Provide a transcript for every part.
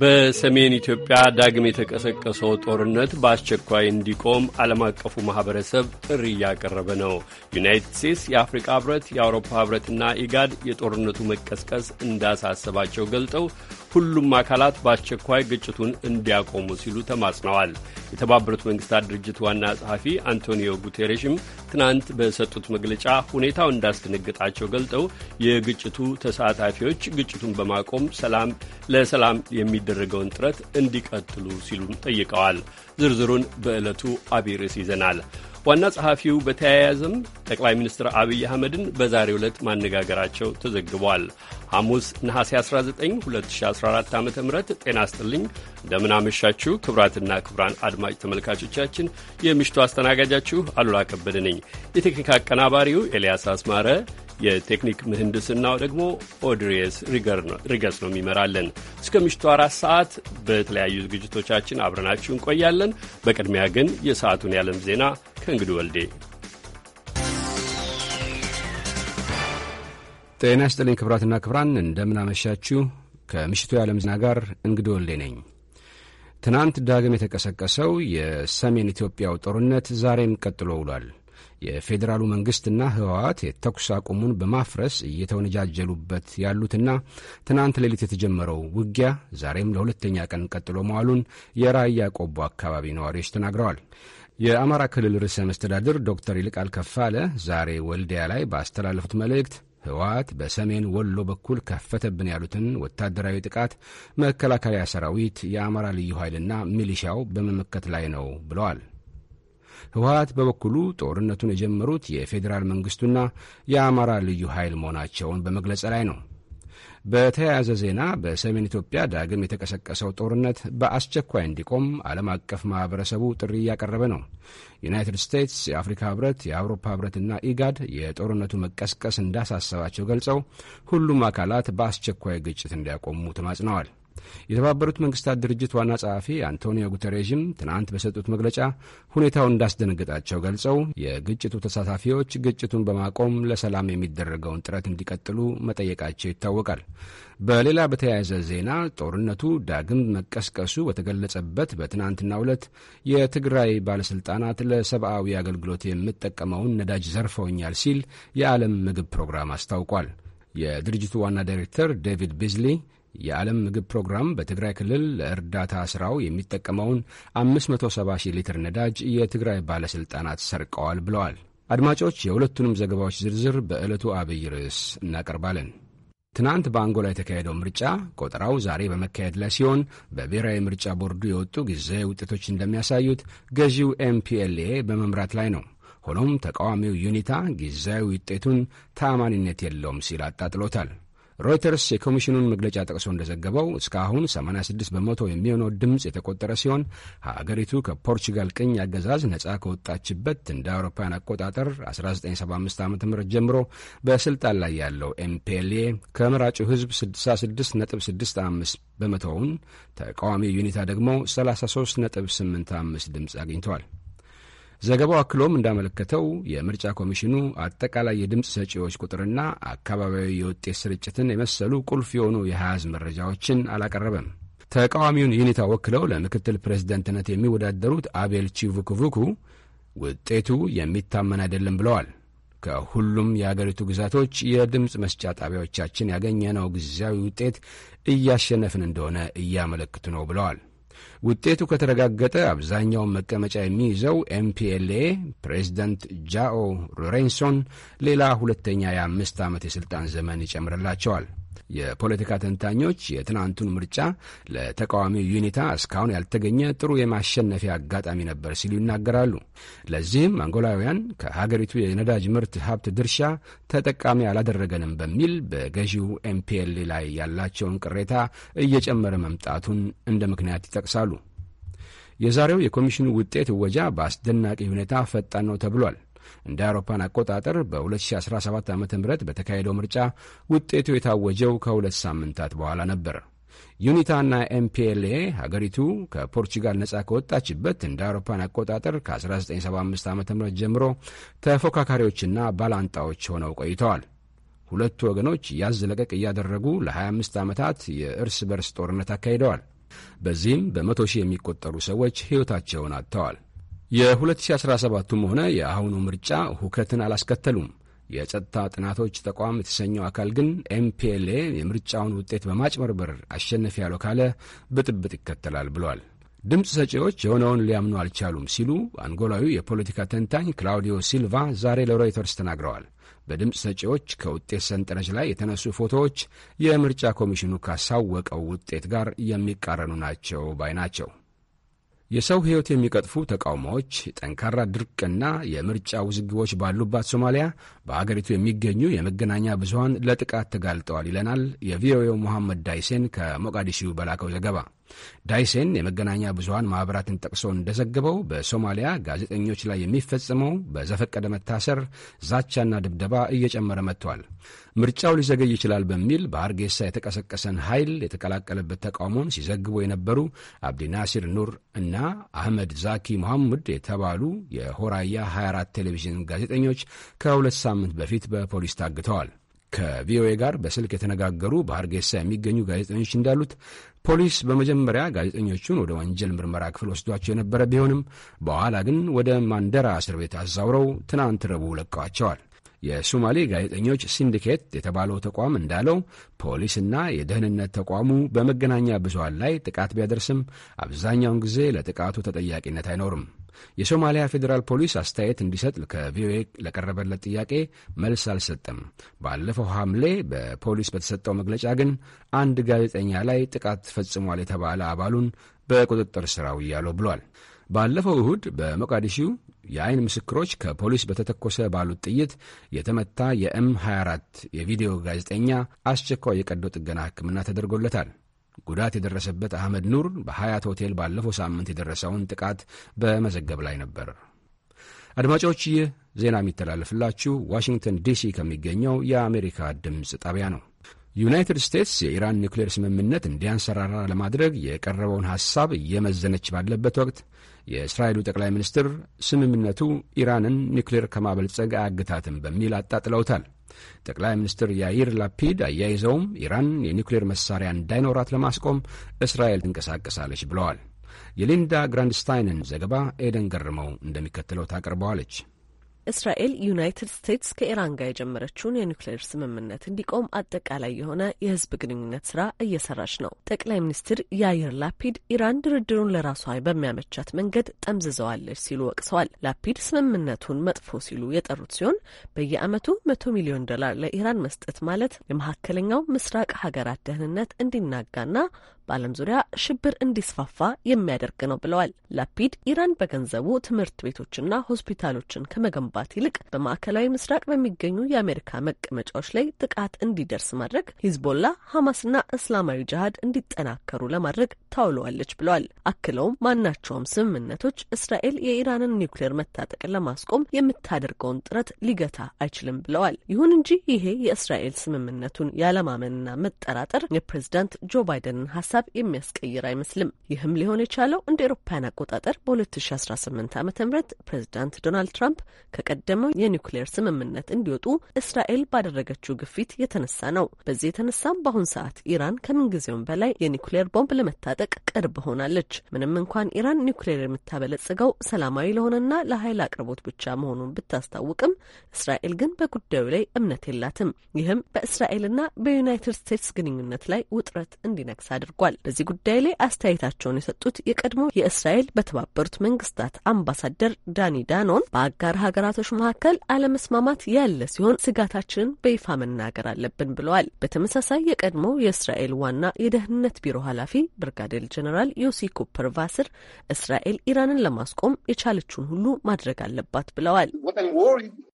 በሰሜን ኢትዮጵያ ዳግም የተቀሰቀሰው ጦርነት በአስቸኳይ እንዲቆም ዓለም አቀፉ ማኅበረሰብ ጥሪ እያቀረበ ነው። ዩናይትድ ስቴትስ፣ የአፍሪካ ኅብረት፣ የአውሮፓ ኅብረትና ኢጋድ የጦርነቱ መቀስቀስ እንዳሳሰባቸው ገልጠው ሁሉም አካላት በአስቸኳይ ግጭቱን እንዲያቆሙ ሲሉ ተማጽነዋል። የተባበሩት መንግስታት ድርጅት ዋና ጸሐፊ አንቶኒዮ ጉቴሬሽም ትናንት በሰጡት መግለጫ ሁኔታው እንዳስደነግጣቸው ገልጠው የግጭቱ ተሳታፊዎች ግጭቱን በማቆም ሰላም ለሰላም የሚደረገውን ጥረት እንዲቀጥሉ ሲሉም ጠይቀዋል። ዝርዝሩን በዕለቱ አቢይ ርዕስ ይዘናል። ዋና ጸሐፊው በተያያዘም ጠቅላይ ሚኒስትር አብይ አህመድን በዛሬ ዕለት ማነጋገራቸው ተዘግቧል። ሐሙስ ነሐሴ 19 2014 ዓ ም ጤና ስጥልኝ አመሻችሁ ክብራትና ክብራን አድማጭ ተመልካቾቻችን የምሽቱ አስተናጋጃችሁ አሉላ ከበደ ነኝ። የቴክኒክ አቀናባሪው ኤልያስ አስማረ፣ የቴክኒክ ምህንድስናው ደግሞ ኦድሬስ ሪገስ ነው የሚመራለን። እስከ ምሽቱ አራት ሰዓት በተለያዩ ዝግጅቶቻችን አብረናችሁ እንቆያለን። በቅድሚያ ግን የሰዓቱን የዓለም ዜና ከእንግዱ ወልዴ። ጤና ይስጥልኝ ክብራትና ክብራን፣ እንደምናመሻችሁ ከምሽቱ የዓለም ዜና ጋር እንግዲ ወልዴ ነኝ። ትናንት ዳግም የተቀሰቀሰው የሰሜን ኢትዮጵያው ጦርነት ዛሬም ቀጥሎ ውሏል። የፌዴራሉ መንግስትና ህወሓት የተኩስ አቁሙን በማፍረስ እየተወነጃጀሉበት ያሉትና ትናንት ሌሊት የተጀመረው ውጊያ ዛሬም ለሁለተኛ ቀን ቀጥሎ መዋሉን የራያ ቆቦ አካባቢ ነዋሪዎች ተናግረዋል። የአማራ ክልል ርዕሰ መስተዳድር ዶክተር ይልቃል ከፋለ ዛሬ ወልዲያ ላይ ባስተላለፉት መልእክት ህወሓት በሰሜን ወሎ በኩል ከፈተብን ያሉትን ወታደራዊ ጥቃት መከላከያ ሰራዊት፣ የአማራ ልዩ ኃይልና ሚሊሻው በመመከት ላይ ነው ብለዋል። ህወሀት በበኩሉ ጦርነቱን የጀመሩት የፌዴራል መንግስቱና የአማራ ልዩ ኃይል መሆናቸውን በመግለጽ ላይ ነው። በተያያዘ ዜና በሰሜን ኢትዮጵያ ዳግም የተቀሰቀሰው ጦርነት በአስቸኳይ እንዲቆም ዓለም አቀፍ ማህበረሰቡ ጥሪ እያቀረበ ነው። ዩናይትድ ስቴትስ፣ የአፍሪካ ህብረት፣ የአውሮፓ ህብረትና ኢጋድ የጦርነቱ መቀስቀስ እንዳሳሰባቸው ገልጸው ሁሉም አካላት በአስቸኳይ ግጭት እንዲያቆሙ ተማጽነዋል። የተባበሩት መንግስታት ድርጅት ዋና ጸሐፊ አንቶኒዮ ጉተሬዥም ትናንት በሰጡት መግለጫ ሁኔታውን እንዳስደነገጣቸው ገልጸው የግጭቱ ተሳታፊዎች ግጭቱን በማቆም ለሰላም የሚደረገውን ጥረት እንዲቀጥሉ መጠየቃቸው ይታወቃል። በሌላ በተያያዘ ዜና ጦርነቱ ዳግም መቀስቀሱ በተገለጸበት በትናንትናው ዕለት የትግራይ ባለሥልጣናት ለሰብአዊ አገልግሎት የምጠቀመውን ነዳጅ ዘርፈውኛል ሲል የዓለም ምግብ ፕሮግራም አስታውቋል። የድርጅቱ ዋና ዳይሬክተር ዴቪድ ቢዝሊ የዓለም ምግብ ፕሮግራም በትግራይ ክልል ለእርዳታ ሥራው የሚጠቀመውን 570 ሺህ ሊትር ነዳጅ የትግራይ ባለሥልጣናት ሰርቀዋል ብለዋል። አድማጮች የሁለቱንም ዘገባዎች ዝርዝር በዕለቱ አብይ ርዕስ እናቀርባለን። ትናንት በአንጎላ የተካሄደው ምርጫ ቆጠራው ዛሬ በመካሄድ ላይ ሲሆን በብሔራዊ ምርጫ ቦርዱ የወጡ ጊዜያዊ ውጤቶች እንደሚያሳዩት ገዢው ኤምፒኤልኤ በመምራት ላይ ነው። ሆኖም ተቃዋሚው ዩኒታ ጊዜያዊ ውጤቱን ተአማኒነት የለውም ሲል አጣጥሎታል። ሮይተርስ የኮሚሽኑን መግለጫ ጠቅሶ እንደዘገበው እስካሁን 86 በመቶ የሚሆነው ድምፅ የተቆጠረ ሲሆን ሀገሪቱ ከፖርቹጋል ቅኝ አገዛዝ ነጻ ከወጣችበት እንደ አውሮፓውያን አቆጣጠር 1975 ዓ ም ጀምሮ በስልጣን ላይ ያለው ኤምፔሌ ከመራጩ ህዝብ 66.65 በመቶውን፣ ተቃዋሚ ዩኒታ ደግሞ 33.85 ድምፅ አግኝተዋል። ዘገባው አክሎም እንዳመለከተው የምርጫ ኮሚሽኑ አጠቃላይ የድምፅ ሰጪዎች ቁጥርና አካባቢያዊ የውጤት ስርጭትን የመሰሉ ቁልፍ የሆኑ የሀያዝ መረጃዎችን አላቀረበም። ተቃዋሚውን ዩኒታ ወክለው ለምክትል ፕሬዝደንትነት የሚወዳደሩት አቤል ቺቭኩቭኩ ውጤቱ የሚታመን አይደለም ብለዋል። ከሁሉም የአገሪቱ ግዛቶች የድምፅ መስጫ ጣቢያዎቻችን ያገኘነው ጊዜያዊ ውጤት እያሸነፍን እንደሆነ እያመለክቱ ነው ብለዋል። ውጤቱ ከተረጋገጠ አብዛኛውን መቀመጫ የሚይዘው ኤምፒኤልኤ ፕሬዚደንት ጃኦ ሎሬንሶን ሌላ ሁለተኛ የአምስት ዓመት የሥልጣን ዘመን ይጨምርላቸዋል። የፖለቲካ ተንታኞች የትናንቱን ምርጫ ለተቃዋሚው ዩኒታ እስካሁን ያልተገኘ ጥሩ የማሸነፊያ አጋጣሚ ነበር ሲሉ ይናገራሉ። ለዚህም አንጎላውያን ከሀገሪቱ የነዳጅ ምርት ሀብት ድርሻ ተጠቃሚ አላደረገንም በሚል በገዢው ኤምፒኤል ላይ ያላቸውን ቅሬታ እየጨመረ መምጣቱን እንደ ምክንያት ይጠቅሳሉ። የዛሬው የኮሚሽኑ ውጤት እወጃ በአስደናቂ ሁኔታ ፈጣን ነው ተብሏል። እንደ አውሮፓን አቆጣጠር በ2017 ዓ ም በተካሄደው ምርጫ ውጤቱ የታወጀው ከሁለት ሳምንታት በኋላ ነበር። ዩኒታና ኤምፒኤልኤ ሀገሪቱ ከፖርቹጋል ነጻ ከወጣችበት እንደ አውሮፓን አቆጣጠር ከ1975 ዓ ም ጀምሮ ተፎካካሪዎችና ባላንጣዎች ሆነው ቆይተዋል። ሁለቱ ወገኖች ያዝ ለቀቅ እያደረጉ ለ25 ዓመታት የእርስ በርስ ጦርነት አካሂደዋል። በዚህም በመቶ ሺህ የሚቆጠሩ ሰዎች ሕይወታቸውን አጥተዋል። የ2017ቱም ሆነ የአሁኑ ምርጫ ሁከትን አላስከተሉም። የጸጥታ ጥናቶች ተቋም የተሰኘው አካል ግን ኤምፒኤልኤ የምርጫውን ውጤት በማጭበርበር አሸነፍ ያለው ካለ ብጥብጥ ይከተላል ብሏል። ድምፅ ሰጪዎች የሆነውን ሊያምኑ አልቻሉም ሲሉ አንጎላዊ የፖለቲካ ተንታኝ ክላውዲዮ ሲልቫ ዛሬ ለሮይተርስ ተናግረዋል። በድምፅ ሰጪዎች ከውጤት ሰንጠረዥ ላይ የተነሱ ፎቶዎች የምርጫ ኮሚሽኑ ካሳወቀው ውጤት ጋር የሚቃረኑ ናቸው ባይ ናቸው። የሰው ሕይወት የሚቀጥፉ ተቃውሞዎች፣ ጠንካራ ድርቅና የምርጫ ውዝግቦች ባሉባት ሶማሊያ በአገሪቱ የሚገኙ የመገናኛ ብዙሃን ለጥቃት ተጋልጠዋል ይለናል የቪኦኤው መሐመድ ዳይሴን ከሞቃዲሺው በላከው ዘገባ። ዳይሴን የመገናኛ ብዙሀን ማኅበራትን ጠቅሶ እንደዘገበው በሶማሊያ ጋዜጠኞች ላይ የሚፈጽመው በዘፈቀደ መታሰር፣ ዛቻና ድብደባ እየጨመረ መጥቷል። ምርጫው ሊዘገይ ይችላል በሚል በአርጌሳ የተቀሰቀሰን ኃይል የተቀላቀለበት ተቃውሞን ሲዘግቡ የነበሩ አብዲናሲር ኑር እና አህመድ ዛኪ መሐሙድ የተባሉ የሆራያ 24 ቴሌቪዥን ጋዜጠኞች ከሁለት ሳምንት በፊት በፖሊስ ታግተዋል። ከቪኦኤ ጋር በስልክ የተነጋገሩ በሀርጌሳ የሚገኙ ጋዜጠኞች እንዳሉት ፖሊስ በመጀመሪያ ጋዜጠኞቹን ወደ ወንጀል ምርመራ ክፍል ወስዷቸው የነበረ ቢሆንም በኋላ ግን ወደ ማንደራ እስር ቤት አዛውረው ትናንት ረቡዕ ለቀዋቸዋል። የሶማሌ ጋዜጠኞች ሲንዲኬት የተባለው ተቋም እንዳለው ፖሊስና የደህንነት ተቋሙ በመገናኛ ብዙኃን ላይ ጥቃት ቢያደርስም አብዛኛውን ጊዜ ለጥቃቱ ተጠያቂነት አይኖርም። የሶማሊያ ፌዴራል ፖሊስ አስተያየት እንዲሰጥ ከቪኦኤ ለቀረበለት ጥያቄ መልስ አልሰጠም። ባለፈው ሐምሌ በፖሊስ በተሰጠው መግለጫ ግን አንድ ጋዜጠኛ ላይ ጥቃት ፈጽሟል የተባለ አባሉን በቁጥጥር ስር አውያለሁ ብሏል። ባለፈው እሁድ በሞቃዲሺው የአይን ምስክሮች ከፖሊስ በተተኮሰ ባሉት ጥይት የተመታ የኤም 24 የቪዲዮ ጋዜጠኛ አስቸኳይ የቀዶ ጥገና ሕክምና ተደርጎለታል። ጉዳት የደረሰበት አህመድ ኑር በሀያት ሆቴል ባለፈው ሳምንት የደረሰውን ጥቃት በመዘገብ ላይ ነበር። አድማጮች፣ ይህ ዜና የሚተላለፍላችሁ ዋሽንግተን ዲሲ ከሚገኘው የአሜሪካ ድምፅ ጣቢያ ነው። ዩናይትድ ስቴትስ የኢራን ኒውክሌር ስምምነት እንዲያንሰራራ ለማድረግ የቀረበውን ሐሳብ እየመዘነች ባለበት ወቅት የእስራኤሉ ጠቅላይ ሚኒስትር ስምምነቱ ኢራንን ኒውክሌር ከማበልጸግ አያግታትም በሚል አጣጥለውታል። ጠቅላይ ሚኒስትር ያይር ላፒድ አያይዘውም ኢራን የኒውክሌር መሳሪያ እንዳይኖራት ለማስቆም እስራኤል ትንቀሳቀሳለች ብለዋል። የሊንዳ ግራንድስታይንን ዘገባ ኤደን ገርመው እንደሚከተለው ታቀርበዋለች። እስራኤል ዩናይትድ ስቴትስ ከኢራን ጋር የጀመረችውን የኒውክሌር ስምምነት እንዲቆም አጠቃላይ የሆነ የህዝብ ግንኙነት ስራ እየሰራች ነው። ጠቅላይ ሚኒስትር ያይር ላፒድ ኢራን ድርድሩን ለራሷ በሚያመቻት መንገድ ጠምዝዘዋለች ሲሉ ወቅሰዋል። ላፒድ ስምምነቱን መጥፎ ሲሉ የጠሩት ሲሆን በየአመቱ መቶ ሚሊዮን ዶላር ለኢራን መስጠት ማለት የመካከለኛው ምስራቅ ሀገራት ደህንነት እንዲናጋና በዓለም ዙሪያ ሽብር እንዲስፋፋ የሚያደርግ ነው ብለዋል። ላፒድ ኢራን በገንዘቡ ትምህርት ቤቶችና ሆስፒታሎችን ከመገንባት ይልቅ በማዕከላዊ ምስራቅ በሚገኙ የአሜሪካ መቀመጫዎች ላይ ጥቃት እንዲደርስ ማድረግ፣ ሂዝቦላ፣ ሐማስና እስላማዊ ጅሃድ እንዲጠናከሩ ለማድረግ ታውለዋለች ብለዋል። አክለውም ማናቸውም ስምምነቶች እስራኤል የኢራንን ኒውክሌር መታጠቅን ለማስቆም የምታደርገውን ጥረት ሊገታ አይችልም ብለዋል። ይሁን እንጂ ይሄ የእስራኤል ስምምነቱን ያለማመንና መጠራጠር የፕሬዝዳንት ጆ ባይደንን ሀሳብ ሀሳብ የሚያስቀይር አይመስልም። ይህም ሊሆን የቻለው እንደ ኤሮፓያን አቆጣጠር በ2018 ዓ ም ፕሬዚዳንት ዶናልድ ትራምፕ ከቀደመው የኒውክሌር ስምምነት እንዲወጡ እስራኤል ባደረገችው ግፊት የተነሳ ነው። በዚህ የተነሳም በአሁን ሰዓት ኢራን ከምንጊዜውም በላይ የኒውክሌር ቦምብ ለመታጠቅ ቅርብ ሆናለች። ምንም እንኳን ኢራን ኒውክሌር የምታበለጽገው ሰላማዊ ለሆነና ለኃይል አቅርቦት ብቻ መሆኑን ብታስታውቅም እስራኤል ግን በጉዳዩ ላይ እምነት የላትም። ይህም በእስራኤልና በዩናይትድ ስቴትስ ግንኙነት ላይ ውጥረት እንዲነግስ አድርጓል። ተጠናቋል። በዚህ ጉዳይ ላይ አስተያየታቸውን የሰጡት የቀድሞ የእስራኤል በተባበሩት መንግስታት አምባሳደር ዳኒ ዳኖን በአጋር ሀገራቶች መካከል አለመስማማት ያለ ሲሆን ስጋታችንን በይፋ መናገር አለብን ብለዋል። በተመሳሳይ የቀድሞ የእስራኤል ዋና የደህንነት ቢሮ ኃላፊ ብርጋዴር ጀኔራል ዮሲ ኮፐር ቫስር እስራኤል ኢራንን ለማስቆም የቻለችውን ሁሉ ማድረግ አለባት ብለዋል።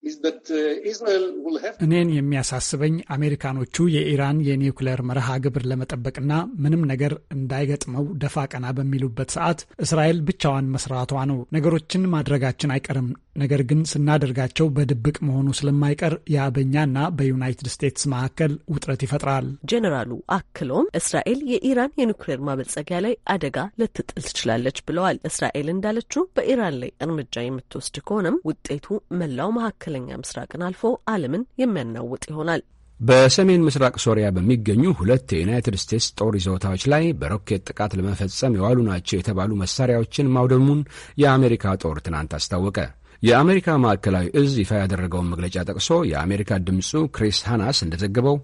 Uh, እኔን የሚያሳስበኝ አሜሪካኖቹ የኢራን የኒውክሌር መርሃ ግብር ለመጠበቅና ምንም ነገር እንዳይገጥመው ደፋ ቀና በሚሉበት ሰዓት እስራኤል ብቻዋን መስራቷ ነው። ነገሮችን ማድረጋችን አይቀርም፣ ነገር ግን ስናደርጋቸው በድብቅ መሆኑ ስለማይቀር ያ በእኛና በዩናይትድ ስቴትስ መካከል ውጥረት ይፈጥራል። ጄኔራሉ አክለውም እስራኤል የኢራን የኒውክሌር ማበልጸጊያ ላይ አደጋ ልትጥል ትችላለች ብለዋል። እስራኤል እንዳለችው በኢራን ላይ እርምጃ የምትወስድ ከሆነም ውጤቱ መላው መካከል መካከለኛ ምስራቅን አልፎ ዓለምን የሚያናውጥ ይሆናል። በሰሜን ምስራቅ ሶሪያ በሚገኙ ሁለት የዩናይትድ ስቴትስ ጦር ይዞታዎች ላይ በሮኬት ጥቃት ለመፈጸም የዋሉ ናቸው የተባሉ መሳሪያዎችን ማውደሙን የአሜሪካ ጦር ትናንት አስታወቀ። የአሜሪካ ማዕከላዊ እዝ ይፋ ያደረገውን መግለጫ ጠቅሶ የአሜሪካ ድምፁ ክሪስ ሃናስ እንደዘገበው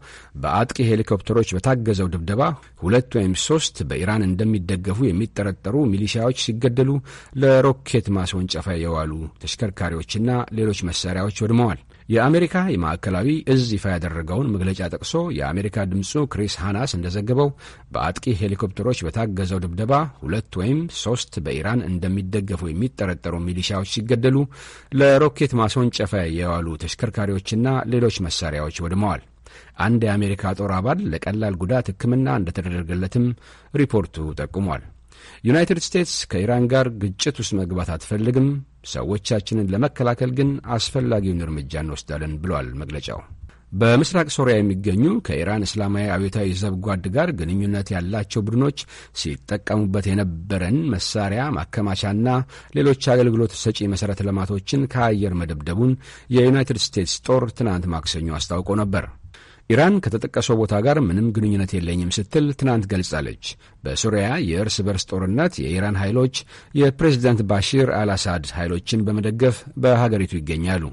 በአጥቂ ሄሊኮፕተሮች በታገዘው ድብደባ ሁለት ወይም ሶስት በኢራን እንደሚደገፉ የሚጠረጠሩ ሚሊሺያዎች ሲገደሉ፣ ለሮኬት ማስወንጨፋ የዋሉ ተሽከርካሪዎችና ሌሎች መሳሪያዎች ወድመዋል። የአሜሪካ የማዕከላዊ እዝ ይፋ ያደረገውን መግለጫ ጠቅሶ የአሜሪካ ድምፁ ክሪስ ሃናስ እንደዘገበው በአጥቂ ሄሊኮፕተሮች በታገዘው ድብደባ ሁለት ወይም ሶስት በኢራን እንደሚደገፉ የሚጠረጠሩ ሚሊሻዎች ሲገደሉ ለሮኬት ማስወንጨፈ የዋሉ ተሽከርካሪዎችና ሌሎች መሳሪያዎች ወድመዋል። አንድ የአሜሪካ ጦር አባል ለቀላል ጉዳት ሕክምና እንደተደረገለትም ሪፖርቱ ጠቁሟል። ዩናይትድ ስቴትስ ከኢራን ጋር ግጭት ውስጥ መግባት አትፈልግም፣ ሰዎቻችንን ለመከላከል ግን አስፈላጊውን እርምጃ እንወስዳለን ብሏል መግለጫው። በምስራቅ ሶሪያ የሚገኙ ከኢራን እስላማዊ አብዮታዊ ዘብጓድ ጋር ግንኙነት ያላቸው ቡድኖች ሲጠቀሙበት የነበረን መሳሪያ ማከማቻና ሌሎች አገልግሎት ሰጪ መሠረተ ልማቶችን ከአየር መደብደቡን የዩናይትድ ስቴትስ ጦር ትናንት ማክሰኞ አስታውቆ ነበር። ኢራን ከተጠቀሰው ቦታ ጋር ምንም ግንኙነት የለኝም ስትል ትናንት ገልጻለች። በሱሪያ የእርስ በርስ ጦርነት የኢራን ኃይሎች የፕሬዚዳንት ባሺር አልአሳድ ኃይሎችን በመደገፍ በሀገሪቱ ይገኛሉ።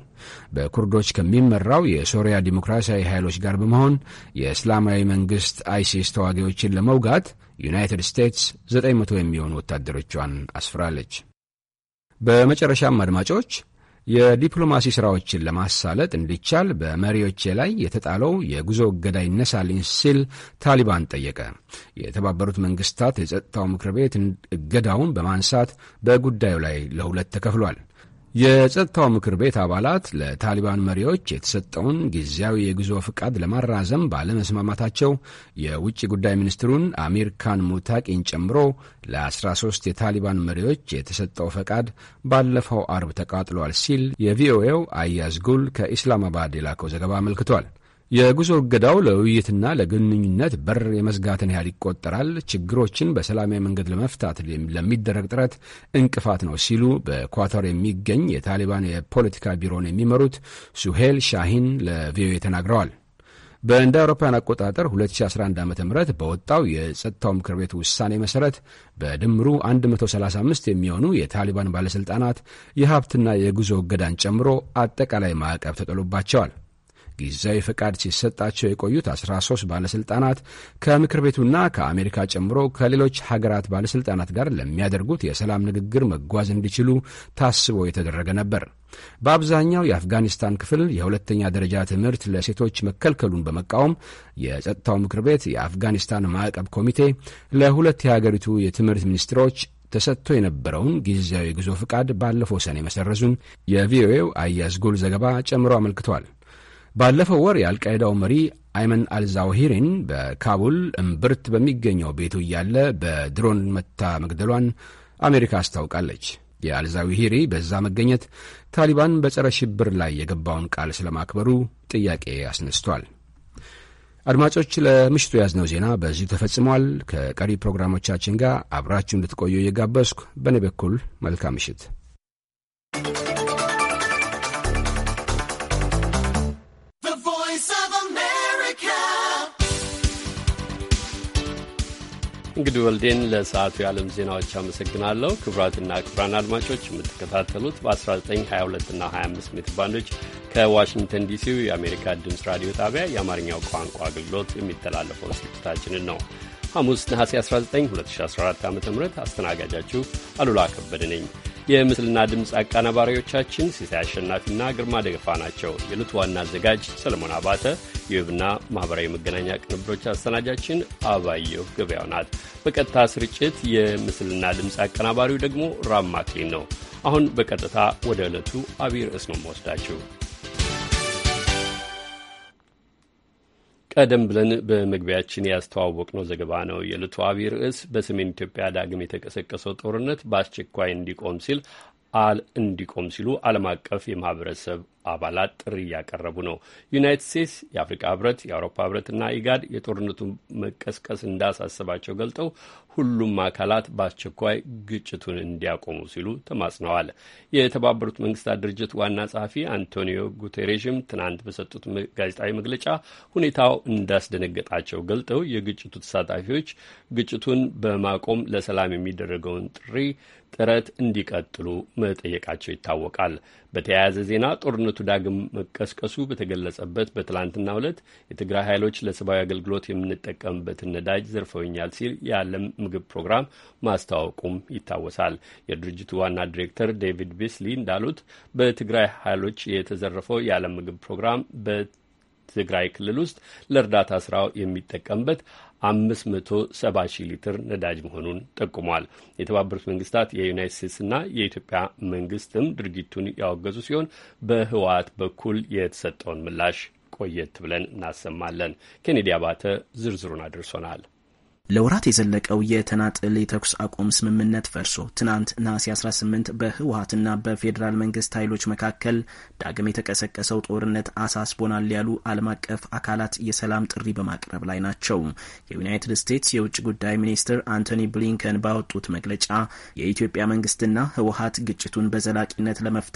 በኩርዶች ከሚመራው የሶሪያ ዲሞክራሲያዊ ኃይሎች ጋር በመሆን የእስላማዊ መንግስት አይሲስ ተዋጊዎችን ለመውጋት ዩናይትድ ስቴትስ 900 የሚሆኑ ወታደሮቿን አስፍራለች። በመጨረሻም አድማጮች የዲፕሎማሲ ስራዎችን ለማሳለጥ እንዲቻል በመሪዎቼ ላይ የተጣለው የጉዞ እገዳ ይነሳልኝ ሲል ታሊባን ጠየቀ። የተባበሩት መንግስታት የጸጥታው ምክር ቤት እገዳውን በማንሳት በጉዳዩ ላይ ለሁለት ተከፍሏል። የጸጥታው ምክር ቤት አባላት ለታሊባን መሪዎች የተሰጠውን ጊዜያዊ የጉዞ ፍቃድ ለማራዘም ባለመስማማታቸው የውጭ ጉዳይ ሚኒስትሩን አሚር ካን ሙታቂን ጨምሮ ለ13 የታሊባን መሪዎች የተሰጠው ፈቃድ ባለፈው አርብ ተቃጥሏል ሲል የቪኦኤው አያዝ ጉል ከኢስላማባድ የላከው ዘገባ አመልክቷል። የጉዞ እገዳው ለውይይትና ለግንኙነት በር የመዝጋትን ያህል ይቆጠራል፣ ችግሮችን በሰላማዊ መንገድ ለመፍታት ለሚደረግ ጥረት እንቅፋት ነው ሲሉ በኳታር የሚገኝ የታሊባን የፖለቲካ ቢሮን የሚመሩት ሱሄል ሻሂን ለቪኦኤ ተናግረዋል። በእንደ አውሮፓውያን አቆጣጠር 2011 ዓ ም በወጣው የጸጥታው ምክር ቤት ውሳኔ መሠረት በድምሩ 135 የሚሆኑ የታሊባን ባለሥልጣናት የሀብትና የጉዞ እገዳን ጨምሮ አጠቃላይ ማዕቀብ ተጥሎባቸዋል። ጊዜያዊ ፈቃድ ሲሰጣቸው የቆዩት 13 ባለሥልጣናት ከምክር ቤቱና ከአሜሪካ ጨምሮ ከሌሎች ሀገራት ባለሥልጣናት ጋር ለሚያደርጉት የሰላም ንግግር መጓዝ እንዲችሉ ታስቦ የተደረገ ነበር። በአብዛኛው የአፍጋኒስታን ክፍል የሁለተኛ ደረጃ ትምህርት ለሴቶች መከልከሉን በመቃወም የጸጥታው ምክር ቤት የአፍጋኒስታን ማዕቀብ ኮሚቴ ለሁለት የሀገሪቱ የትምህርት ሚኒስትሮች ተሰጥቶ የነበረውን ጊዜያዊ ጉዞ ፍቃድ ባለፈው ሰኔ መሰረዙን የቪኦኤው አያዝ ጎል ዘገባ ጨምሮ አመልክቷል። ባለፈው ወር የአልቃይዳው መሪ አይመን አልዛውሂሪን በካቡል እምብርት በሚገኘው ቤቱ እያለ በድሮን መታ መግደሏን አሜሪካ አስታውቃለች። የአልዛዊሂሪ በዛ መገኘት ታሊባን በጸረ ሽብር ላይ የገባውን ቃል ስለማክበሩ ጥያቄ አስነስቷል። አድማጮች፣ ለምሽቱ ያዝነው ዜና በዚሁ ተፈጽሟል። ከቀሪ ፕሮግራሞቻችን ጋር አብራችሁ እንድትቆዩ እየጋበዝኩ በእኔ በኩል መልካም ምሽት። እንግዲህ ወልዴን ለሰዓቱ የዓለም ዜናዎች አመሰግናለሁ። ክቡራትና ክቡራን አድማጮች የምትከታተሉት በ1922 እና 25 ሜትር ባንዶች ከዋሽንግተን ዲሲው የአሜሪካ ድምፅ ራዲዮ ጣቢያ የአማርኛው ቋንቋ አገልግሎት የሚተላለፈው ስርጭታችንን ነው። ሐሙስ ነሐሴ 19 2014 ዓ ም አስተናጋጃችሁ አሉላ ከበደ ነኝ። የምስልና ድምፅ አቀናባሪዎቻችን ሲሳይ አሸናፊና ግርማ ደገፋ ናቸው። የዕለቱ ዋና አዘጋጅ ሰለሞን አባተ፣ የዌብና ማኅበራዊ መገናኛ ቅንብሮች አሰናጃችን አባየሁ ገበያው ናት። በቀጥታ ስርጭት የምስልና ድምፅ አቀናባሪው ደግሞ ራም ማክሊን ነው። አሁን በቀጥታ ወደ ዕለቱ አብይ ርዕስ ነው መወስዳችሁ። ቀደም ብለን በመግቢያችን ያስተዋወቅ ነው ዘገባ ነው። የልቱ አብይ ርዕስ በሰሜን ኢትዮጵያ ዳግም የተቀሰቀሰው ጦርነት በአስቸኳይ እንዲቆም ሲል አል እንዲቆም ሲሉ ዓለም አቀፍ የማህበረሰብ አባላት ጥሪ እያቀረቡ ነው። ዩናይትድ ስቴትስ፣ የአፍሪካ ህብረት፣ የአውሮፓ ህብረትና ኢጋድ የጦርነቱ መቀስቀስ እንዳሳሰባቸው ገልጠው ሁሉም አካላት በአስቸኳይ ግጭቱን እንዲያቆሙ ሲሉ ተማጽነዋል። የተባበሩት መንግስታት ድርጅት ዋና ጸሐፊ አንቶኒዮ ጉቴሬሽም ትናንት በሰጡት ጋዜጣዊ መግለጫ ሁኔታው እንዳስደነገጣቸው ገልጠው የግጭቱ ተሳታፊዎች ግጭቱን በማቆም ለሰላም የሚደረገውን ጥሪ ጥረት እንዲቀጥሉ መጠየቃቸው ይታወቃል። በተያያዘ ዜና ጦርነ ጦርነቱ ዳግም መቀስቀሱ በተገለጸበት በትላንትና ዕለት የትግራይ ኃይሎች ለሰብአዊ አገልግሎት የምንጠቀምበትን ነዳጅ ዘርፈውኛል ሲል የዓለም ምግብ ፕሮግራም ማስታወቁም ይታወሳል። የድርጅቱ ዋና ዲሬክተር ዴቪድ ቢስሊ እንዳሉት በትግራይ ኃይሎች የተዘረፈው የዓለም ምግብ ፕሮግራም በትግራይ ክልል ውስጥ ለእርዳታ ስራው የሚጠቀምበት አምስት ሺህ ሊትር ነዳጅ መሆኑን ጠቁሟል። የተባበሩት መንግስታት የዩናይት ስቴትስና የኢትዮጵያ መንግስትም ድርጊቱን ያወገዙ ሲሆን በህወሓት በኩል የተሰጠውን ምላሽ ቆየት ብለን እናሰማለን። ኬኔዲ አባተ ዝርዝሩን አድርሶናል። ለወራት የዘለቀው የተናጥል የተኩስ አቁም ስምምነት ፈርሶ ትናንት ነሐሴ 18 በህወሀትና በፌዴራል መንግስት ኃይሎች መካከል ዳግም የተቀሰቀሰው ጦርነት አሳስቦናል ያሉ ዓለም አቀፍ አካላት የሰላም ጥሪ በማቅረብ ላይ ናቸው። የዩናይትድ ስቴትስ የውጭ ጉዳይ ሚኒስትር አንቶኒ ብሊንከን ባወጡት መግለጫ የኢትዮጵያ መንግስትና ህወሀት ግጭቱን በዘላቂነት ለመፍታት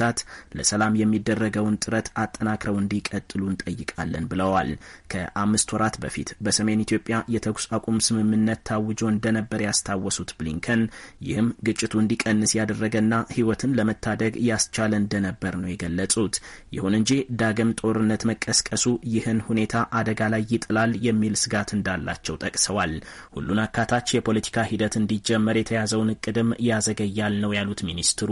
ለሰላም የሚደረገውን ጥረት አጠናክረው እንዲቀጥሉ እንጠይቃለን ብለዋል። ከአምስት ወራት በፊት በሰሜን ኢትዮጵያ የተኩስ አቁም ስምምነት ስምምነት ታውጆ እንደነበር ያስታወሱት ብሊንከን ይህም ግጭቱ እንዲቀንስ ያደረገና ሕይወትን ለመታደግ ያስቻለ እንደነበር ነው የገለጹት። ይሁን እንጂ ዳግም ጦርነት መቀስቀሱ ይህን ሁኔታ አደጋ ላይ ይጥላል የሚል ስጋት እንዳላቸው ጠቅሰዋል። ሁሉን አካታች የፖለቲካ ሂደት እንዲጀመር የተያዘውን እቅድም ያዘገያል ነው ያሉት ሚኒስትሩ።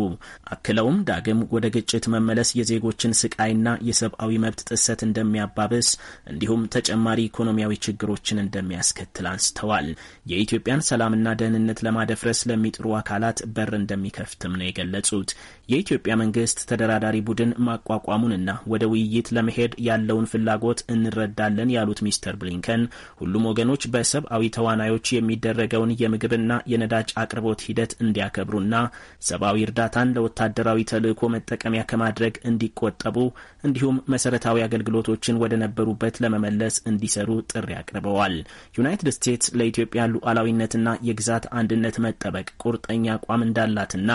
አክለውም ዳግም ወደ ግጭት መመለስ የዜጎችን ስቃይና የሰብአዊ መብት ጥሰት እንደሚያባብስ እንዲሁም ተጨማሪ ኢኮኖሚያዊ ችግሮችን እንደሚያስከትል አንስተዋል። የኢትዮጵያን ሰላምና ደህንነት ለማደፍረስ ለሚጥሩ አካላት በር እንደሚከፍትም ነው የገለጹት። የኢትዮጵያ መንግስት ተደራዳሪ ቡድን ማቋቋሙንና ወደ ውይይት ለመሄድ ያለውን ፍላጎት እንረዳለን ያሉት ሚስተር ብሊንከን ሁሉም ወገኖች በሰብአዊ ተዋናዮች የሚደረገውን የምግብና የነዳጅ አቅርቦት ሂደት እንዲያከብሩና ሰብአዊ እርዳታን ለወታደራዊ ተልዕኮ መጠቀሚያ ከማድረግ እንዲቆጠቡ እንዲሁም መሰረታዊ አገልግሎቶችን ወደ ነበሩበት ለመመለስ እንዲሰሩ ጥሪ አቅርበዋል። ዩናይትድ ስቴትስ ለኢትዮጵያ ሉዓላዊነትና የግዛት አንድነት መጠበቅ ቁርጠኛ አቋም እንዳላትና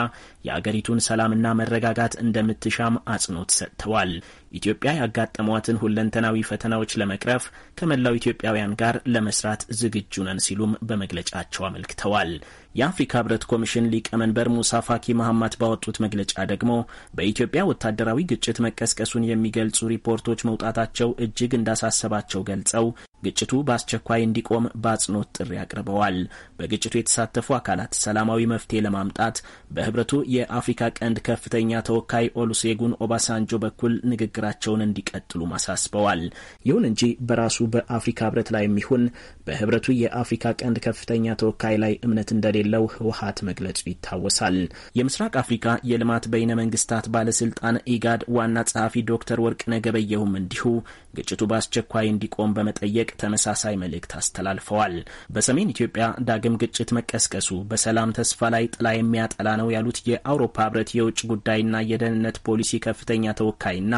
የአገሪቱን ሰላምና ሰላምና መረጋጋት እንደምትሻም አጽንኦት ሰጥተዋል። ኢትዮጵያ ያጋጠሟትን ሁለንተናዊ ፈተናዎች ለመቅረፍ ከመላው ኢትዮጵያውያን ጋር ለመስራት ዝግጁ ነን ሲሉም በመግለጫቸው አመልክተዋል። የአፍሪካ ህብረት ኮሚሽን ሊቀመንበር ሙሳ ፋኪ መሐማት ባወጡት መግለጫ ደግሞ በኢትዮጵያ ወታደራዊ ግጭት መቀስቀሱን የሚገልጹ ሪፖርቶች መውጣታቸው እጅግ እንዳሳሰባቸው ገልጸው ግጭቱ በአስቸኳይ እንዲቆም በአጽንኦት ጥሪ አቅርበዋል። በግጭቱ የተሳተፉ አካላት ሰላማዊ መፍትሄ ለማምጣት በህብረቱ የአፍሪካ ቀንድ ከፍተኛ ተወካይ ኦሉሴጉን ኦባሳንጆ በኩል ንግግራቸውን እንዲቀጥሉ ማሳስበዋል። ይሁን እንጂ በራሱ በአፍሪካ ህብረት ላይ የሚሆን በህብረቱ የአፍሪካ ቀንድ ከፍተኛ ተወካይ ላይ እምነት እንደሌለው ህወሀት መግለጹ ይታወሳል። የምስራቅ አፍሪካ የልማት በይነ መንግስታት ባለስልጣን ኢጋድ ዋና ጸሐፊ ዶክተር ወርቅነህ ገበየሁም እንዲሁ ግጭቱ በአስቸኳይ እንዲቆም በመጠየቅ ተመሳሳይ መልእክት አስተላልፈዋል። በሰሜን ኢትዮጵያ ዳግም ግጭት መቀስቀሱ በሰላም ተስፋ ላይ ጥላ የሚያጠላ ነው ያሉት የአውሮፓ ህብረት የውጭ ጉዳይና የደህንነት ፖሊሲ ከፍተኛ ተወካይና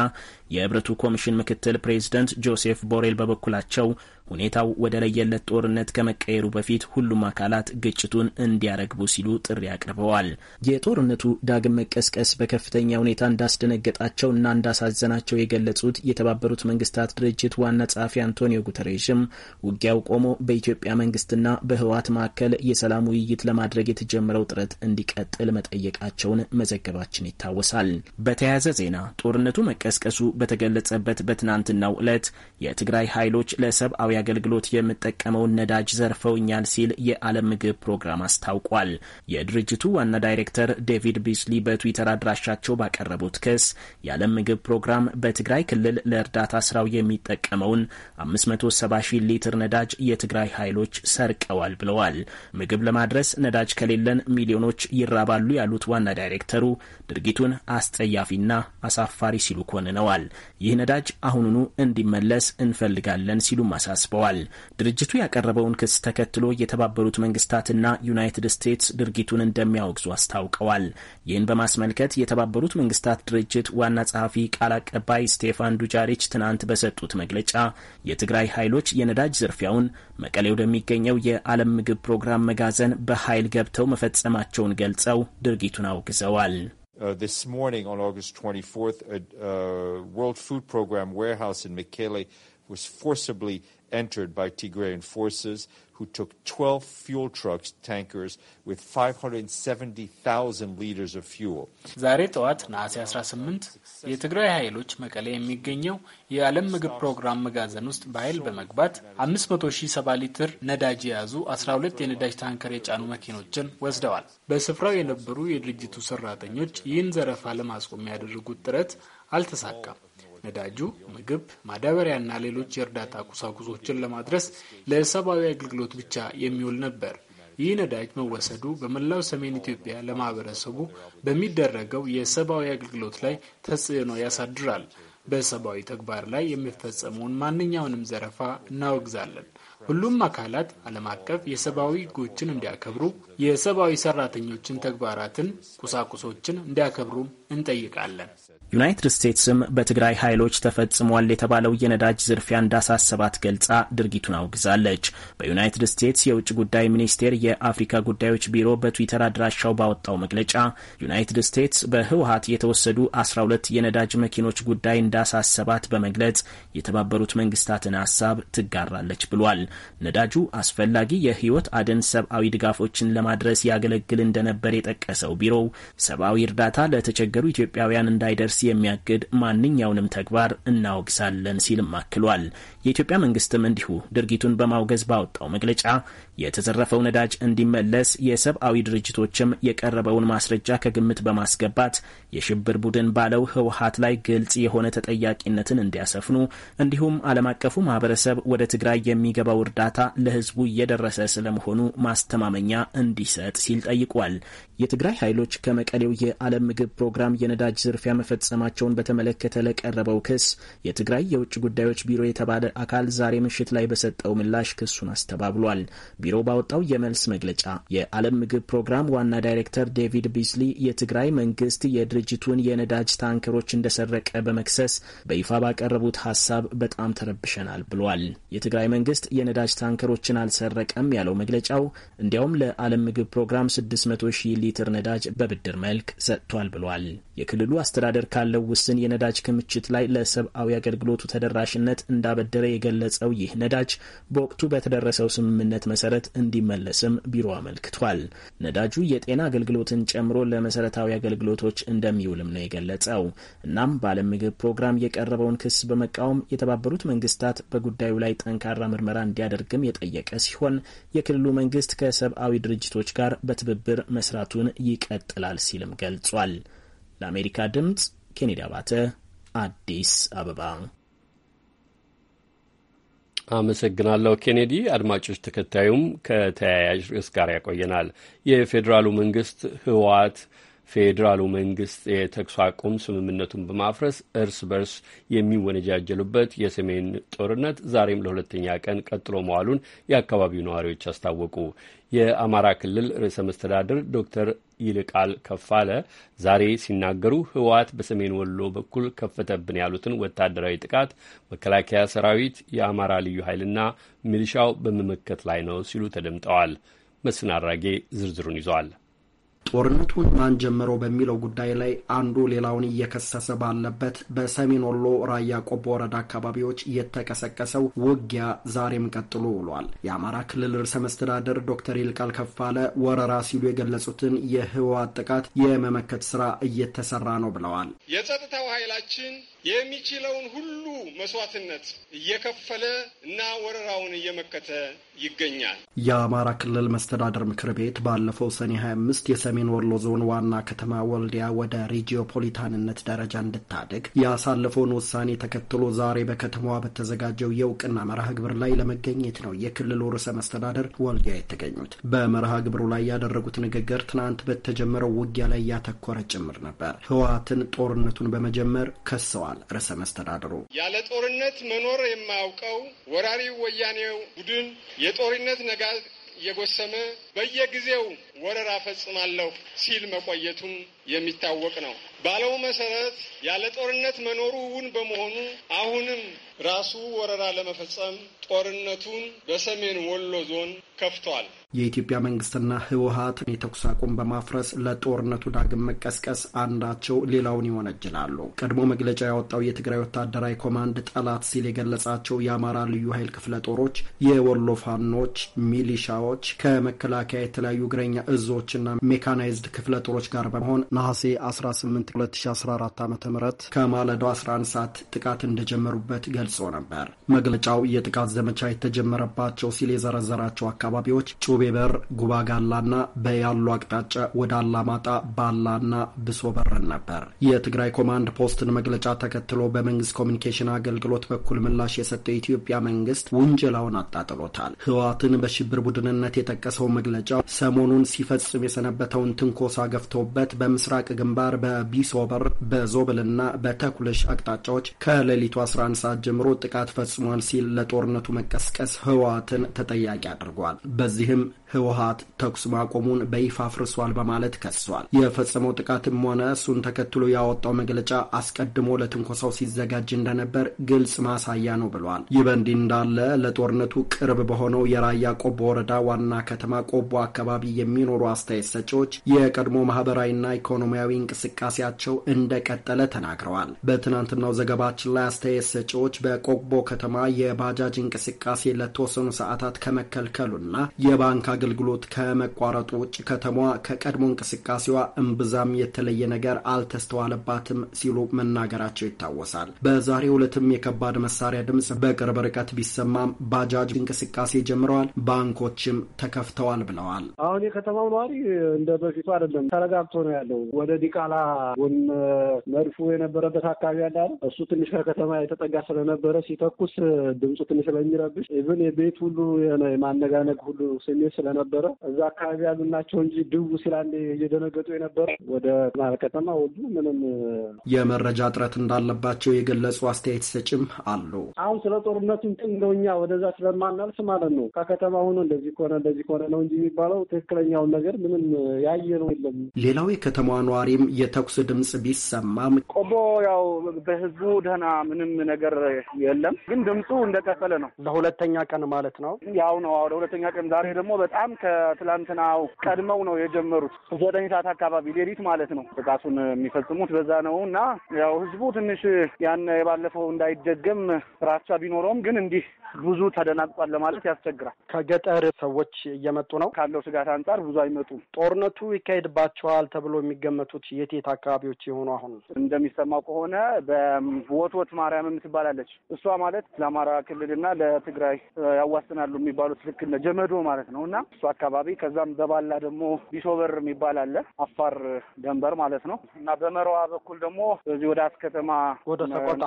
የህብረቱ ኮሚሽን ምክትል ፕሬዚደንት ጆሴፍ ቦሬል በበኩላቸው ሁኔታው ወደ ለየለት ጦርነት ከመቀየሩ በፊት ሁሉም አካላት ግጭቱን እንዲያረግቡ ሲሉ ጥሪ አቅርበዋል። የጦርነቱ ዳግም መቀስቀስ በከፍተኛ ሁኔታ እንዳስደነገጣቸው እና እንዳሳዘናቸው የገለጹት የተባበሩት መንግስታት ድርጅት ዋና ጸሐፊ አንቶኒዮ ጉተሬሽም ውጊያው ቆሞ በኢትዮጵያ መንግስትና በህወሓት መካከል የሰላም ውይይት ለማድረግ የተጀመረው ጥረት እንዲቀጥል መጠየቃቸውን መዘገባችን ይታወሳል። በተያያዘ ዜና ጦርነቱ መቀስቀሱ በተገለጸበት በትናንትናው ዕለት የትግራይ ኃይሎች ለሰብአዊ አገልግሎት የምጠቀመውን ነዳጅ ዘርፈውኛል ሲል የዓለም ምግብ ፕሮግራም አስታውቋል። የድርጅቱ ዋና ዳይሬክተር ዴቪድ ቢስሊ በትዊተር አድራሻቸው ባቀረቡት ክስ የዓለም ምግብ ፕሮግራም በትግራይ ክልል ለእርዳታ ስራው የሚጠቀመውን 570 ሺህ ሊትር ነዳጅ የትግራይ ኃይሎች ሰርቀዋል ብለዋል። ምግብ ለማድረስ ነዳጅ ከሌለን ሚሊዮኖች ይራባሉ ያሉት ዋና ዳይሬክተሩ ድርጊቱን አስጸያፊና አሳፋሪ ሲሉ ኮንነዋል። ይህ ነዳጅ አሁኑኑ እንዲመለስ እንፈልጋለን ሲሉም አሳስበዋል። ድርጅቱ ያቀረበውን ክስ ተከትሎ የተባበሩት መንግስታትና ዩናይትድ ስቴትስ ድርጊቱን እንደሚያወግዙ አስታውቀዋል። ይህን በማስመልከት የተባበሩት መንግስታት ድርጅት ዋና ጸሐፊ ቃል አቀባይ ስቴፋን ዱጃሪች ትናንት በሰጡት መግለጫ የትግራይ ኃይሎች የነዳጅ ዝርፊያውን መቀሌ ወደሚገኘው የዓለም ምግብ ፕሮግራም መጋዘን በኃይል ገብተው መፈጸማቸውን ገልጸው ድርጊቱን አውግዘዋል። Uh, this morning on August 24th, a uh, World Food Program warehouse in Mekelle was forcibly entered by Tigrayan forces. who took 12 fuel trucks tankers with 570,000 liters of fuel. ዛሬ ጠዋት ነሐሴ 18 የትግራይ ኃይሎች መቀሌ የሚገኘው የዓለም ምግብ ፕሮግራም መጋዘን ውስጥ በኃይል በመግባት 570 ሊትር ነዳጅ የያዙ 12 የነዳጅ ታንከር የጫኑ መኪኖችን ወስደዋል። በስፍራው የነበሩ የድርጅቱ ሰራተኞች ይህን ዘረፋ ለማስቆም ያደረጉት ጥረት አልተሳካም። ነዳጁ፣ ምግብ፣ ማዳበሪያና ሌሎች የእርዳታ ቁሳቁሶችን ለማድረስ ለሰብአዊ አገልግሎት ብቻ የሚውል ነበር። ይህ ነዳጅ መወሰዱ በመላው ሰሜን ኢትዮጵያ ለማህበረሰቡ በሚደረገው የሰብአዊ አገልግሎት ላይ ተጽዕኖ ያሳድራል። በሰብአዊ ተግባር ላይ የሚፈጸመውን ማንኛውንም ዘረፋ እናወግዛለን። ሁሉም አካላት ዓለም አቀፍ የሰብአዊ ሕጎችን እንዲያከብሩ፣ የሰብአዊ ሰራተኞችን ተግባራትን፣ ቁሳቁሶችን እንዲያከብሩም እንጠይቃለን። ዩናይትድ ስቴትስም በትግራይ ኃይሎች ተፈጽሟል የተባለው የነዳጅ ዝርፊያ እንዳሳሰባት ገልጻ ድርጊቱን አውግዛለች። በዩናይትድ ስቴትስ የውጭ ጉዳይ ሚኒስቴር የአፍሪካ ጉዳዮች ቢሮ በትዊተር አድራሻው ባወጣው መግለጫ ዩናይትድ ስቴትስ በህወሀት የተወሰዱ 12 የነዳጅ መኪኖች ጉዳይ እንዳሳሰባት በመግለጽ የተባበሩት መንግስታትን ሀሳብ ትጋራለች ብሏል። ነዳጁ አስፈላጊ የህይወት አደን ሰብአዊ ድጋፎችን ለማድረስ ያገለግል እንደነበር የጠቀሰው ቢሮው ሰብአዊ እርዳታ ለተቸገሩ ኢትዮጵያውያን እንዳይደርስ ለመንግስት የሚያግድ ማንኛውንም ተግባር እናወግዛለን ሲልም አክሏል። የኢትዮጵያ መንግስትም እንዲሁ ድርጊቱን በማውገዝ ባወጣው መግለጫ የተዘረፈው ነዳጅ እንዲመለስ የሰብአዊ ድርጅቶችም የቀረበውን ማስረጃ ከግምት በማስገባት የሽብር ቡድን ባለው ህወሀት ላይ ግልጽ የሆነ ተጠያቂነትን እንዲያሰፍኑ እንዲሁም ዓለም አቀፉ ማህበረሰብ ወደ ትግራይ የሚገባው እርዳታ ለህዝቡ እየደረሰ ስለመሆኑ ማስተማመኛ እንዲሰጥ ሲል ጠይቋል። የትግራይ ኃይሎች ከመቀሌው የዓለም ምግብ ፕሮግራም የነዳጅ ዝርፊያ መፈጸማቸውን በተመለከተ ለቀረበው ክስ የትግራይ የውጭ ጉዳዮች ቢሮ የተባለ አካል ዛሬ ምሽት ላይ በሰጠው ምላሽ ክሱን አስተባብሏል። ቢሮ ባወጣው የመልስ መግለጫ የዓለም ምግብ ፕሮግራም ዋና ዳይሬክተር ዴቪድ ቢስሊ የትግራይ መንግስት የድርጅቱን የነዳጅ ታንከሮች እንደሰረቀ በመክሰስ በይፋ ባቀረቡት ሀሳብ በጣም ተረብሸናል ብሏል። የትግራይ መንግስት የነዳጅ ታንከሮችን አልሰረቀም ያለው መግለጫው እንዲያውም ለዓለም ምግብ ፕሮግራም 600 ሺህ ሊትር ነዳጅ በብድር መልክ ሰጥቷል ብሏል። የክልሉ አስተዳደር ካለው ውስን የነዳጅ ክምችት ላይ ለሰብአዊ አገልግሎቱ ተደራሽነት እንዳበደረ የገለጸው ይህ ነዳጅ በወቅቱ በተደረሰው ስምምነት መሰረት ትኩረት እንዲመለስም ቢሮ አመልክቷል። ነዳጁ የጤና አገልግሎትን ጨምሮ ለመሰረታዊ አገልግሎቶች እንደሚውልም ነው የገለጸው። እናም በዓለም ምግብ ፕሮግራም የቀረበውን ክስ በመቃወም የተባበሩት መንግስታት በጉዳዩ ላይ ጠንካራ ምርመራ እንዲያደርግም የጠየቀ ሲሆን የክልሉ መንግስት ከሰብአዊ ድርጅቶች ጋር በትብብር መስራቱን ይቀጥላል ሲልም ገልጿል። ለአሜሪካ ድምጽ ኬኔዲ አባተ አዲስ አበባ አመሰግናለሁ ኬኔዲ። አድማጮች ተከታዩም ከተያያዥ ርዕስ ጋር ያቆየናል። የፌዴራሉ መንግስት ህወሓት ፌዴራሉ መንግስት የተኩስ አቁም ስምምነቱን በማፍረስ እርስ በርስ የሚወነጃጀሉበት የሰሜን ጦርነት ዛሬም ለሁለተኛ ቀን ቀጥሎ መዋሉን የአካባቢው ነዋሪዎች አስታወቁ። የአማራ ክልል ርዕሰ መስተዳድር ዶክተር ይልቃል ከፋለ ዛሬ ሲናገሩ ህወሓት በሰሜን ወሎ በኩል ከፈተብን ያሉትን ወታደራዊ ጥቃት መከላከያ ሰራዊት፣ የአማራ ልዩ ኃይልና ሚሊሻው በመመከት ላይ ነው ሲሉ ተደምጠዋል። መስፍን አራጌ ዝርዝሩን ይዟል። ጦርነቱን ማን ጀምሮ በሚለው ጉዳይ ላይ አንዱ ሌላውን እየከሰሰ ባለበት በሰሜን ወሎ ራያ ቆቦ ወረዳ አካባቢዎች የተቀሰቀሰው ውጊያ ዛሬም ቀጥሎ ውሏል። የአማራ ክልል ርዕሰ መስተዳደር ዶክተር ይልቃል ከፋለ ወረራ ሲሉ የገለጹትን የህወሓት ጥቃት የመመከት ስራ እየተሰራ ነው ብለዋል። የጸጥታው ኃይላችን የሚችለውን ሁሉ መስዋዕትነት እየከፈለ እና ወረራውን እየመከተ ይገኛል። የአማራ ክልል መስተዳደር ምክር ቤት ባለፈው ሰኔ 25 የሰሜ የሰሜን ወሎ ዞን ዋና ከተማ ወልዲያ ወደ ሪጂዮፖሊታንነት ደረጃ እንድታድግ ያሳለፈውን ውሳኔ ተከትሎ ዛሬ በከተማዋ በተዘጋጀው የእውቅና መርሃ ግብር ላይ ለመገኘት ነው የክልሉ ርዕሰ መስተዳደር ወልዲያ የተገኙት። በመርሃ ግብሩ ላይ ያደረጉት ንግግር ትናንት በተጀመረው ውጊያ ላይ ያተኮረ ጭምር ነበር። ህወሓትን ጦርነቱን በመጀመር ከሰዋል። ርዕሰ መስተዳድሩ ያለ ጦርነት መኖር የማያውቀው ወራሪው ወያኔው ቡድን የጦርነት ነጋ እየጎሰመ በየጊዜው ወረራ ፈጽማለሁ ሲል መቆየቱም የሚታወቅ ነው። ባለው መሰረት ያለ ጦርነት መኖሩ እውን በመሆኑ አሁንም ራሱ ወረራ ለመፈጸም ጦርነቱን በሰሜን ወሎ ዞን ከፍቷል። የኢትዮጵያ መንግስትና ህወሀት የተኩስ አቁም በማፍረስ ለጦርነቱ ዳግም መቀስቀስ አንዳቸው ሌላውን ይወነጅላሉ። ቀድሞ መግለጫ ያወጣው የትግራይ ወታደራዊ ኮማንድ ጠላት ሲል የገለጻቸው የአማራ ልዩ ኃይል ክፍለ ጦሮች፣ የወሎ ፋኖች፣ ሚሊሻዎች ከመከላከያ የተለያዩ እግረኛ እዞችና ሜካናይዝድ ክፍለ ጦሮች ጋር በመሆን ነሐሴ 18 2014 ዓ ም ከማለዶ 11 ሰዓት ጥቃት እንደጀመሩበት ገልጾ ነበር። መግለጫው የጥቃት ዘመቻ የተጀመረባቸው ሲል የዘረዘራቸው አካባቢዎች ጩቤ በር፣ ጉባ ጋላና በያሉ አቅጣጫ ወደ አላማጣ ባላና ብሶ በረን ነበር። የትግራይ ኮማንድ ፖስትን መግለጫ ተከትሎ በመንግስት ኮሚኒኬሽን አገልግሎት በኩል ምላሽ የሰጠው የኢትዮጵያ መንግስት ውንጀላውን አጣጥሎታል። ህወሓትን በሽብር ቡድንነት የጠቀሰው መግለጫው ሰሞኑን ሲፈጽም የሰነበተውን ትንኮሳ ገፍቶበት በም ምስራቅ ግንባር በቢሶበር በዞብልና በተኩልሽ አቅጣጫዎች ከሌሊቱ 11 ሰዓት ጀምሮ ጥቃት ፈጽሟል ሲል ለጦርነቱ መቀስቀስ ህወሓትን ተጠያቂ አድርጓል። በዚህም ህወሀት ተኩስ ማቆሙን በይፋ አፍርሷል በማለት ከሷል። የፈጸመው ጥቃትም ሆነ እሱን ተከትሎ ያወጣው መግለጫ አስቀድሞ ለትንኮሳው ሲዘጋጅ እንደነበር ግልጽ ማሳያ ነው ብሏል። ይህ በእንዲህ እንዳለ ለጦርነቱ ቅርብ በሆነው የራያ ቆቦ ወረዳ ዋና ከተማ ቆቦ አካባቢ የሚኖሩ አስተያየት ሰጪዎች የቀድሞ ማህበራዊና ኢኮኖሚያዊ እንቅስቃሴያቸው እንደቀጠለ ተናግረዋል። በትናንትናው ዘገባችን ላይ አስተያየት ሰጪዎች በቆቦ ከተማ የባጃጅ እንቅስቃሴ ለተወሰኑ ሰዓታት ከመከልከሉና የባንክ አገልግሎት ከመቋረጡ ውጭ ከተማዋ ከቀድሞ እንቅስቃሴዋ እምብዛም የተለየ ነገር አልተስተዋለባትም ሲሉ መናገራቸው ይታወሳል። በዛሬው ዕለትም የከባድ መሳሪያ ድምፅ በቅርብ ርቀት ቢሰማም ባጃጅ እንቅስቃሴ ጀምረዋል፣ ባንኮችም ተከፍተዋል ብለዋል። አሁን የከተማው ነዋሪ እንደ በፊቱ አይደለም፣ ተረጋግቶ ነው ያለው። ወደ ዲቃላ ጎን መድፉ የነበረበት አካባቢ ያለ እሱ ትንሽ ከከተማ የተጠጋ ስለነበረ ሲተኩስ ድምፁ ትንሽ ስለሚረብሽ ኢቭን የቤት ሁሉ የማነጋነግ ሁሉ ስሜት ስለነበረ እዛ አካባቢ ያሉ ናቸው እንጂ ድቡ ሲል አንዴ እየደነገጡ የነበረ ወደ ማረ ከተማ ወዱ ምንም የመረጃ እጥረት እንዳለባቸው የገለጹ አስተያየት ሰጭም አሉ። አሁን ስለ ጦርነቱ እንደው እኛ ወደዛ ስለማናልፍ ማለት ነው ከከተማ ሆኖ እንደዚህ ከሆነ እንደዚህ ከሆነ ነው እንጂ የሚባለው ትክክለኛውን ነገር ምንም ያየሩ የለም። ሌላው የከተማዋ ነዋሪም የተኩስ ድምፅ ቢሰማም ቆቦ ያው በህዝቡ ደህና ምንም ነገር የለም፣ ግን ድምፁ እንደቀፈለ ነው። ለሁለተኛ ቀን ማለት ነው ያው ነው ለሁለተኛ ቀን ዛሬ ደግሞ በጣም በጣም ከትላንትናው ቀድመው ነው የጀመሩት። ዘጠኝ ሰዓት አካባቢ ሌሊት ማለት ነው ጥቃቱን የሚፈጽሙት በዛ ነው እና ያው ህዝቡ ትንሽ ያን የባለፈው እንዳይደገም ፍራቻ ቢኖረውም ግን እንዲህ ብዙ ተደናግጧል ለማለት ያስቸግራል። ከገጠር ሰዎች እየመጡ ነው ካለው ስጋት አንጻር ብዙ አይመጡም። ጦርነቱ ይካሄድባቸዋል ተብሎ የሚገመቱት የት የት አካባቢዎች የሆኑ አሁን እንደሚሰማው ከሆነ በወትወት ማርያም የምትባላለች እሷ ማለት ለአማራ ክልልና ለትግራይ ያዋስናሉ የሚባሉት ልክ ጀመዶ ማለት ነው እና እሱ አካባቢ ከዛም በባላ ደግሞ ቢሶበር የሚባል አለ አፋር ደንበር ማለት ነው እና በመረዋ በኩል ደግሞ በዚህ ወደ አስከተማ ወደ ሰቆጣ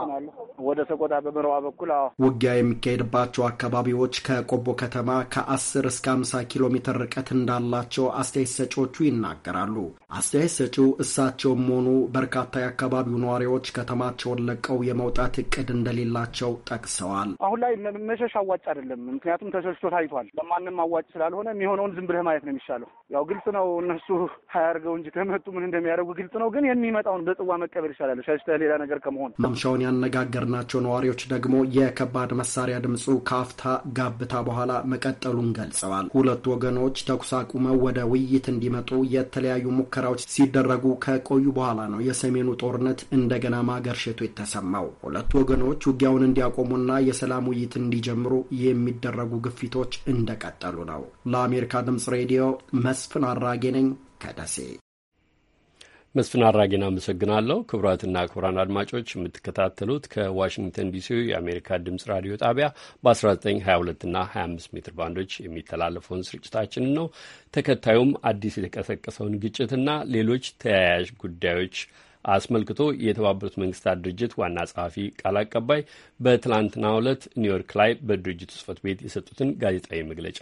ወደ ሰቆጣ በመረዋ በኩል አዎ ውጊያ የሚካሄድባቸው አካባቢዎች ከቆቦ ከተማ ከአስር እስከ አምሳ ኪሎ ሜትር ርቀት እንዳላቸው አስተያየት ሰጪዎቹ ይናገራሉ። አስተያየት ሰጪው እሳቸውም ሆኑ በርካታ የአካባቢው ነዋሪዎች ከተማቸውን ለቀው የመውጣት እቅድ እንደሌላቸው ጠቅሰዋል። አሁን ላይ መሸሽ አዋጭ አይደለም። ምክንያቱም ተሸሽቶ ታይቷል። ለማንም አዋጭ ስላልሆነ የሚሆነውን ዝም ብለህ ማየት ነው የሚሻለው። ያው ግልጽ ነው እነሱ አያርገው እንጂ ከመጡ ምን እንደሚያደርጉ ግልጽ ነው። ግን የሚመጣውን በጽዋ መቀበል ይሻላል ሸሽተህ ሌላ ነገር ከመሆን። ማምሻውን ያነጋገርናቸው ነዋሪዎች ደግሞ የከባድ መሳሪያ ድምፁ ከአፍታ ጋብታ በኋላ መቀጠሉን ገልጸዋል። ሁለቱ ወገኖች ተኩስ አቁመው ወደ ውይይት እንዲመጡ የተለያዩ ሙከራዎች ሲደረጉ ከቆዩ በኋላ ነው የሰሜኑ ጦርነት እንደገና ማገርሸቱ የተሰማው። ሁለቱ ወገኖች ውጊያውን እንዲያቆሙና የሰላም ውይይት እንዲጀምሩ የሚደረጉ ግፊቶች እንደቀጠሉ ነው። ለአሜሪካ ድምፅ ሬዲዮ መስፍን አራጌ ነኝ ከደሴ። መስፍን አራጌን አመሰግናለሁ። ክቡራትና ክቡራን አድማጮች የምትከታተሉት ከዋሽንግተን ዲሲ የአሜሪካ ድምፅ ራዲዮ ጣቢያ በ1922 እና 25 ሜትር ባንዶች የሚተላለፈውን ስርጭታችን ነው። ተከታዩም አዲስ የተቀሰቀሰውን ግጭትና ሌሎች ተያያዥ ጉዳዮች አስመልክቶ የተባበሩት መንግስታት ድርጅት ዋና ጸሐፊ ቃል አቀባይ በትላንትናው ዕለት ኒውዮርክ ላይ በድርጅቱ ጽህፈት ቤት የሰጡትን ጋዜጣዊ መግለጫ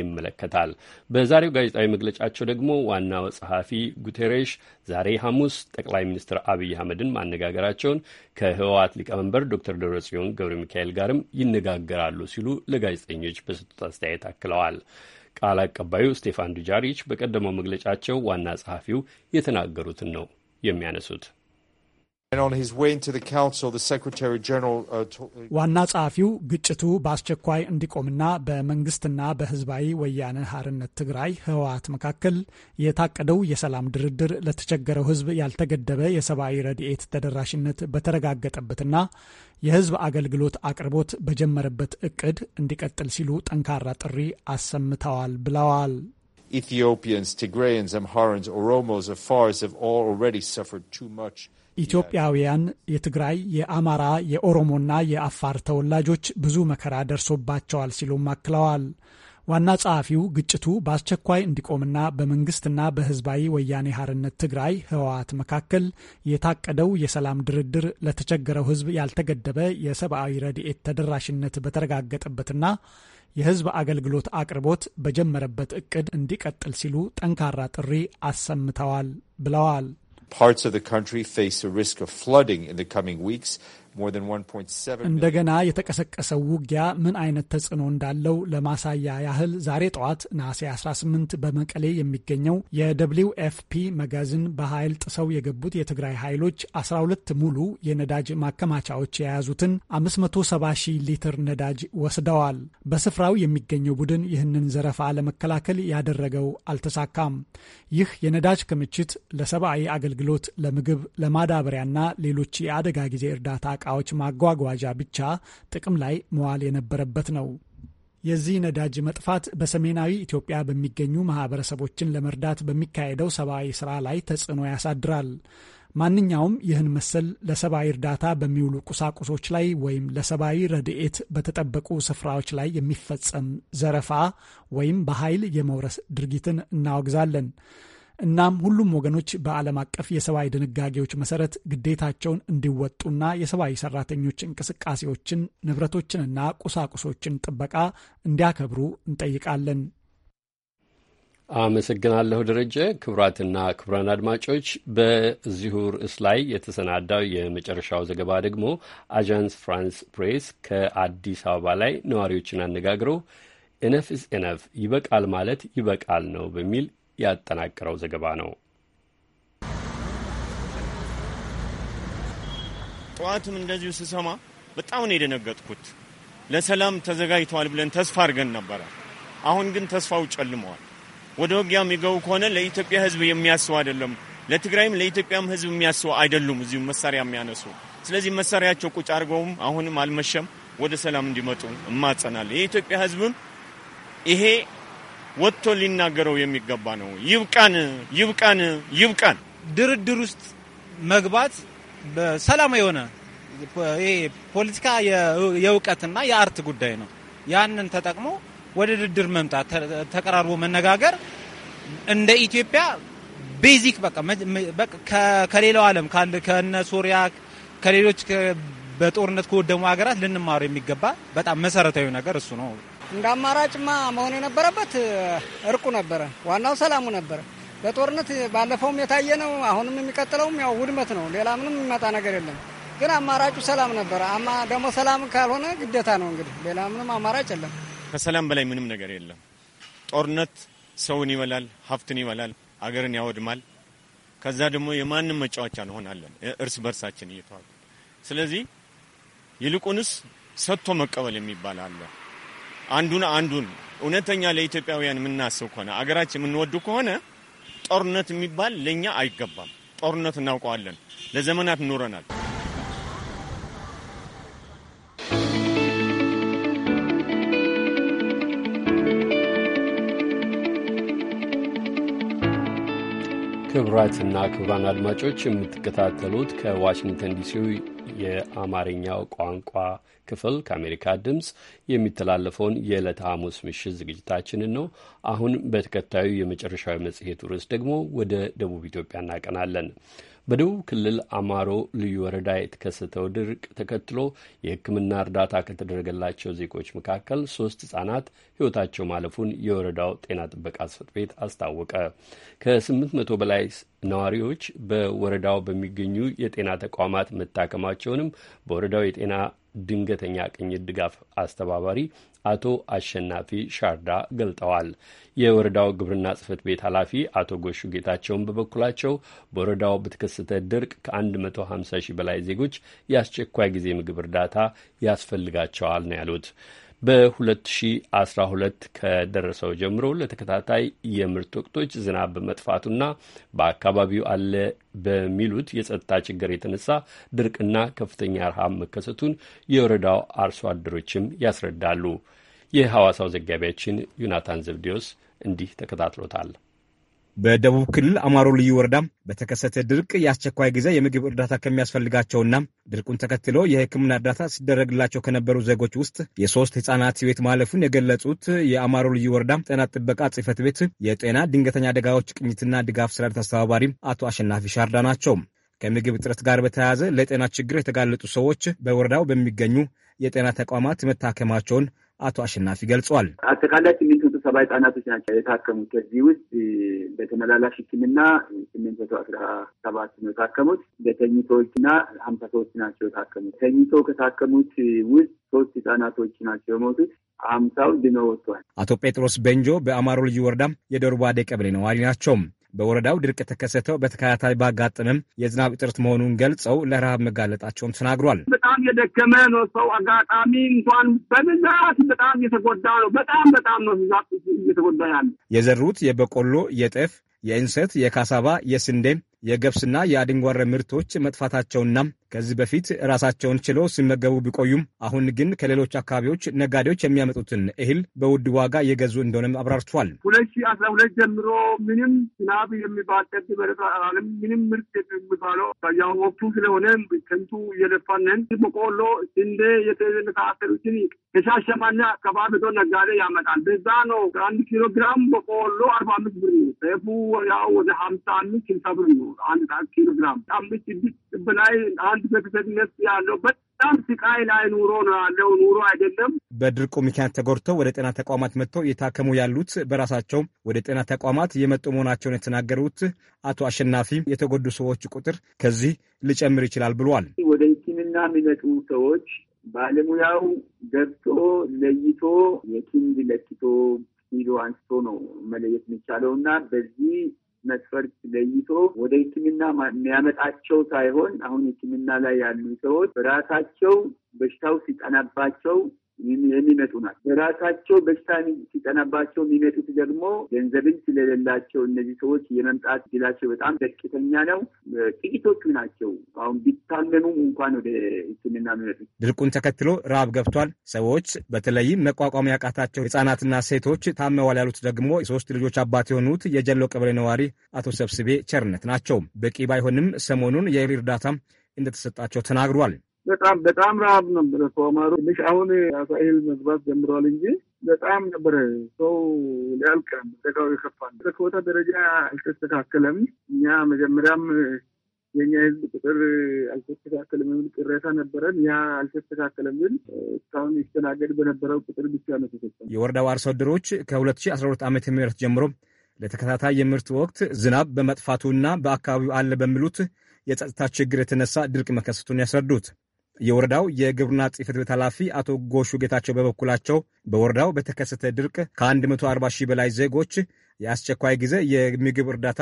ይመለከታል። በዛሬው ጋዜጣዊ መግለጫቸው ደግሞ ዋናው ጸሐፊ ጉቴሬሽ ዛሬ ሐሙስ ጠቅላይ ሚኒስትር አብይ አህመድን ማነጋገራቸውን ከህወሓት ሊቀመንበር ዶክተር ደብረጽዮን ገብረ ሚካኤል ጋርም ይነጋገራሉ ሲሉ ለጋዜጠኞች በሰጡት አስተያየት አክለዋል። ቃል አቀባዩ ስቴፋን ዱጃሪች በቀደመው መግለጫቸው ዋና ጸሐፊው የተናገሩትን ነው የሚያነሱት። Uh, uh, ዋና ጸሐፊው ግጭቱ በአስቸኳይ እንዲቆምና በመንግስትና በህዝባዊ ወያነ ሀርነት ትግራይ ህወሀት መካከል የታቀደው የሰላም ድርድር ለተቸገረው ህዝብ ያልተገደበ የሰብአዊ ረድኤት ተደራሽነት በተረጋገጠበትና የህዝብ አገልግሎት አቅርቦት በጀመረበት እቅድ እንዲቀጥል ሲሉ ጠንካራ ጥሪ አሰምተዋል ብለዋል። Ethiopians, Tigrayans, Amharans, Oromos, Afars have all already suffered too much. ኢትዮጵያውያን የትግራይ፣ የአማራ፣ የኦሮሞና የአፋር ተወላጆች ብዙ መከራ ደርሶባቸዋል ሲሉም አክለዋል። ዋና ጸሐፊው ግጭቱ በአስቸኳይ እንዲቆምና በመንግስትና በህዝባዊ ወያኔ ሀርነት ትግራይ ህወሓት መካከል የታቀደው የሰላም ድርድር ለተቸገረው ህዝብ ያልተገደበ የሰብአዊ ረድኤት ተደራሽነት በተረጋገጠበትና የህዝብ አገልግሎት አቅርቦት በጀመረበት እቅድ እንዲቀጥል ሲሉ ጠንካራ ጥሪ አሰምተዋል ብለዋል። Parts of the country face a risk of flooding in the coming weeks እንደገና የተቀሰቀሰው ውጊያ ምን አይነት ተጽዕኖ እንዳለው ለማሳያ ያህል ዛሬ ጠዋት ነሐሴ 18 በመቀሌ የሚገኘው የደብሊው ኤፍፒ መጋዘን በኃይል ጥሰው የገቡት የትግራይ ኃይሎች 12 ሙሉ የነዳጅ ማከማቻዎች የያዙትን 570 ሺህ ሊትር ነዳጅ ወስደዋል። በስፍራው የሚገኘው ቡድን ይህንን ዘረፋ ለመከላከል ያደረገው አልተሳካም። ይህ የነዳጅ ክምችት ለሰብአዊ አገልግሎት፣ ለምግብ፣ ለማዳበሪያና ሌሎች የአደጋ ጊዜ እርዳታ ዕቃዎች ማጓጓዣ ብቻ ጥቅም ላይ መዋል የነበረበት ነው። የዚህ ነዳጅ መጥፋት በሰሜናዊ ኢትዮጵያ በሚገኙ ማህበረሰቦችን ለመርዳት በሚካሄደው ሰብአዊ ስራ ላይ ተጽዕኖ ያሳድራል። ማንኛውም ይህን መሰል ለሰብአዊ እርዳታ በሚውሉ ቁሳቁሶች ላይ ወይም ለሰብአዊ ረድኤት በተጠበቁ ስፍራዎች ላይ የሚፈጸም ዘረፋ ወይም በኃይል የመውረስ ድርጊትን እናወግዛለን። እናም ሁሉም ወገኖች በዓለም አቀፍ የሰብአዊ ድንጋጌዎች መሰረት ግዴታቸውን እንዲወጡና የሰብአዊ ሰራተኞች እንቅስቃሴዎችን፣ ንብረቶችንና ቁሳቁሶችን ጥበቃ እንዲያከብሩ እንጠይቃለን። አመሰግናለሁ ደረጀ። ክቡራትና ክቡራን አድማጮች በዚሁ ርዕስ ላይ የተሰናዳው የመጨረሻው ዘገባ ደግሞ አጃንስ ፍራንስ ፕሬስ ከአዲስ አበባ ላይ ነዋሪዎችን አነጋግረው እነፍ ኢዝ ይበቃል ማለት ይበቃል ነው በሚል ያጠናቀረው ዘገባ ነው። ጠዋቱን እንደዚሁ ስሰማ በጣም ነው የደነገጥኩት። ለሰላም ተዘጋጅተዋል ብለን ተስፋ አድርገን ነበረ። አሁን ግን ተስፋው ጨልመዋል። ወደ ውጊያ የሚገቡ ከሆነ ለኢትዮጵያ ሕዝብ የሚያስቡ አይደለም። ለትግራይም ለኢትዮጵያም ሕዝብ የሚያስቡ አይደሉም። እዚሁ መሳሪያ የሚያነሱ ስለዚህ መሳሪያቸው ቁጭ አድርገውም አሁንም አልመሸም። ወደ ሰላም እንዲመጡ እማጸናለሁ። የኢትዮጵያ ሕዝብም ይሄ ወጥቶ ሊናገረው የሚገባ ነው። ይብቃን፣ ይብቃን፣ ይብቃን። ድርድር ውስጥ መግባት በሰላማዊ የሆነ ፖለቲካ የእውቀትና የአርት ጉዳይ ነው። ያንን ተጠቅሞ ወደ ድርድር መምጣት፣ ተቀራርቦ መነጋገር እንደ ኢትዮጵያ ቤዚክ በቃ ከሌላው ዓለም ከነ ሶሪያ ከሌሎች በጦርነት ከወደሙ ሀገራት ልንማሩ የሚገባ በጣም መሰረታዊ ነገር እሱ ነው። እንደ አማራጭማ መሆን የነበረበት እርቁ ነበረ። ዋናው ሰላሙ ነበረ። በጦርነት ባለፈውም የታየ ነው። አሁንም የሚቀጥለውም ያው ውድመት ነው። ሌላ ምንም የሚመጣ ነገር የለም። ግን አማራጩ ሰላም ነበረ። አማ ደግሞ ሰላም ካልሆነ ግዴታ ነው እንግዲህ፣ ሌላ ምንም አማራጭ የለም። ከሰላም በላይ ምንም ነገር የለም። ጦርነት ሰውን ይበላል፣ ሀብትን ይበላል፣ አገርን ያወድማል። ከዛ ደግሞ የማንም መጫወቻ እንሆናለን እርስ በርሳችን እየተዋል። ስለዚህ ይልቁንስ ሰጥቶ መቀበል የሚባል አለ። አንዱን አንዱን እውነተኛ ለኢትዮጵያውያን የምናስብ ከሆነ አገራችን የምንወዱ ከሆነ ጦርነት የሚባል ለእኛ አይገባም። ጦርነት እናውቀዋለን፣ ለዘመናት ኖረናል። ክቡራትና ክቡራን አድማጮች የምትከታተሉት ከዋሽንግተን ዲሲ የአማርኛው ቋንቋ ክፍል ከአሜሪካ ድምፅ የሚተላለፈውን የዕለተ ሐሙስ ምሽት ዝግጅታችንን ነው። አሁን በተከታዩ የመጨረሻዊ መጽሔቱ ርዕስ ደግሞ ወደ ደቡብ ኢትዮጵያ እናቀናለን። በደቡብ ክልል አማሮ ልዩ ወረዳ የተከሰተው ድርቅ ተከትሎ የሕክምና እርዳታ ከተደረገላቸው ዜጎች መካከል ሶስት ህጻናት ህይወታቸው ማለፉን የወረዳው ጤና ጥበቃ ጽሕፈት ቤት አስታወቀ። ከስምንት መቶ በላይ ነዋሪዎች በወረዳው በሚገኙ የጤና ተቋማት መታከማቸውንም በወረዳው የጤና ድንገተኛ ቅኝት ድጋፍ አስተባባሪ አቶ አሸናፊ ሻርዳ ገልጠዋል። የወረዳው ግብርና ጽህፈት ቤት ኃላፊ አቶ ጎሹ ጌታቸውን በበኩላቸው በወረዳው በተከሰተ ድርቅ ከ150 ሺህ በላይ ዜጎች የአስቸኳይ ጊዜ ምግብ እርዳታ ያስፈልጋቸዋል ነው ያሉት። በ2012 ከደረሰው ጀምሮ ለተከታታይ የምርት ወቅቶች ዝናብ በመጥፋቱና በአካባቢው አለ በሚሉት የጸጥታ ችግር የተነሳ ድርቅና ከፍተኛ ረሃብ መከሰቱን የወረዳው አርሶ አደሮችም ያስረዳሉ። የሐዋሳው ዘጋቢያችን ዮናታን ዘብዴዎስ እንዲህ ተከታትሎታል። በደቡብ ክልል አማሮ ልዩ ወረዳ በተከሰተ ድርቅ የአስቸኳይ ጊዜ የምግብ እርዳታ ከሚያስፈልጋቸውና ድርቁን ተከትሎ የሕክምና እርዳታ ሲደረግላቸው ከነበሩ ዜጎች ውስጥ የሶስት ህጻናት ህይወት ማለፉን የገለጹት የአማሮ ልዩ ወረዳ ጤና ጥበቃ ጽህፈት ቤት የጤና ድንገተኛ አደጋዎች ቅኝትና ድጋፍ ስራ አስተባባሪ አቶ አሸናፊ ሻርዳ ናቸው። ከምግብ እጥረት ጋር በተያያዘ ለጤና ችግር የተጋለጡ ሰዎች በወረዳው በሚገኙ የጤና ተቋማት መታከማቸውን አቶ አሸናፊ ገልጿል። አጠቃላይ ሰባ ህጻናቶች ናቸው የታከሙት። ከዚህ ውስጥ በተመላላሽ ህክምና ስምንት መቶ አስራ ሰባት ነው የታከሙት። በተኝቶዎችና ሀምሳ ሰዎች ናቸው የታከሙት። ተኝቶ ከታከሙት ውስጥ ሶስት ህጻናቶች ናቸው የሞቱት። አምሳው ድኖ ወጥቷል። አቶ ጴጥሮስ በንጆ በአማሮ ልዩ ወረዳ የደሩባ ደቀብሌ ነዋሪ ናቸው። በወረዳው ድርቅ የተከሰተው በተከታታይ ባጋጠመም የዝናብ እጥረት መሆኑን ገልጸው ለረሃብ መጋለጣቸውን ተናግሯል። በጣም የደከመ ነው ሰው አጋጣሚ እንኳን በብዛት በጣም የተጎዳ ነው። በጣም በጣም ነው ብዛት እየተጎዳ ያለ የዘሩት የበቆሎ፣ የጤፍ፣ የእንሰት፣ የካሳባ፣ የስንዴ የገብስና የአድንጓረ ምርቶች መጥፋታቸውና ከዚህ በፊት ራሳቸውን ችለው ሲመገቡ ቢቆዩም አሁን ግን ከሌሎች አካባቢዎች ነጋዴዎች የሚያመጡትን እህል በውድ ዋጋ እየገዙ እንደሆነም አብራርቷል። ሁለት ሺህ አስራ ሁለት ጀምሮ ምንም ዝናብ የሚባል ጠብ ምንም ምርት የሚባለው ያው ወቅቱ ስለሆነ ከንቱ እየለፋነን በቆሎ፣ ስንዴ የተመሳሰሉትን የሻሸማና አካባቢ ቶ ነጋዴ ያመጣል። በዛ ነው አንድ ኪሎ ግራም በቆሎ አርባ አምስት ብር ነው። ሰፉ ያው ወደ ሀምሳ አምስት ስልሳ ብር ነው። አንድ ኪሎ ግራም አምስት ስድስት በላይ አንድ ቤተሰብ ነፍስ ያለው በጣም ስቃይ ላይ ኑሮ ነው ያለው። ኑሮ አይደለም። በድርቁ ምክንያት ተጎድተው ወደ ጤና ተቋማት መጥተው እየታከሙ ያሉት በራሳቸው ወደ ጤና ተቋማት የመጡ መሆናቸውን የተናገሩት አቶ አሸናፊ የተጎዱ ሰዎች ቁጥር ከዚህ ሊጨምር ይችላል ብሏል። ወደ ሕክምና የሚመጡ ሰዎች ባለሙያው ገብቶ ለይቶ የኪንድ ለኪቶ ኪሎ አንስቶ ነው መለየት የሚቻለው እና በዚህ መስፈርት ለይቶ ወደ ሕክምና የሚያመጣቸው ሳይሆን አሁን ሕክምና ላይ ያሉ ሰዎች ራሳቸው በሽታው ሲጠናባቸው የሚመጡ ናቸው። በራሳቸው በሽታ ሲጠናባቸው የሚመጡት ደግሞ ገንዘብን ስለሌላቸው እነዚህ ሰዎች የመምጣት እድላቸው በጣም ደቂተኛ ነው። ጥቂቶቹ ናቸው። አሁን ቢታመሙም እንኳን ወደ ሕክምና የሚመጡት። ድርቁን ተከትሎ ረሃብ ገብቷል። ሰዎች በተለይም መቋቋም ያቃታቸው ህጻናትና ሴቶች ታመዋል ያሉት ደግሞ የሶስት ልጆች አባት የሆኑት የጀሎ ቀበሌ ነዋሪ አቶ ሰብስቤ ቸርነት ናቸው። በቂ ባይሆንም ሰሞኑን የእህል እርዳታ እንደተሰጣቸው ተናግሯል። በጣም በጣም ረሀብ ነበረ። ሰው አማሮ ትንሽ አሁን አሳ እህል መግባት ጀምረዋል እንጂ በጣም ነበረ። ሰው ሊያልቀም ደጋው ይከፋል። በኮታ ደረጃ አልተስተካከለም። እኛ መጀመሪያም የኛ ህዝብ ቁጥር አልተስተካከለም የሚል ቅሬታ ነበረን። ያ አልተስተካከለም ግን እስካሁን ይስተናገድ በነበረው ቁጥር ብቻ ነው ተሰጠ። የወረዳው አርሶ አደሮች ከ2012 ዓመተ ምህረት ጀምሮ ለተከታታይ የምርት ወቅት ዝናብ በመጥፋቱና በአካባቢው አለ በሚሉት የጸጥታ ችግር የተነሳ ድርቅ መከሰቱን ያስረዱት የወረዳው የግብርና ጽሕፈት ቤት ኃላፊ አቶ ጎሹ ጌታቸው በበኩላቸው በወረዳው በተከሰተ ድርቅ ከ140 ሺህ በላይ ዜጎች የአስቸኳይ ጊዜ የምግብ እርዳታ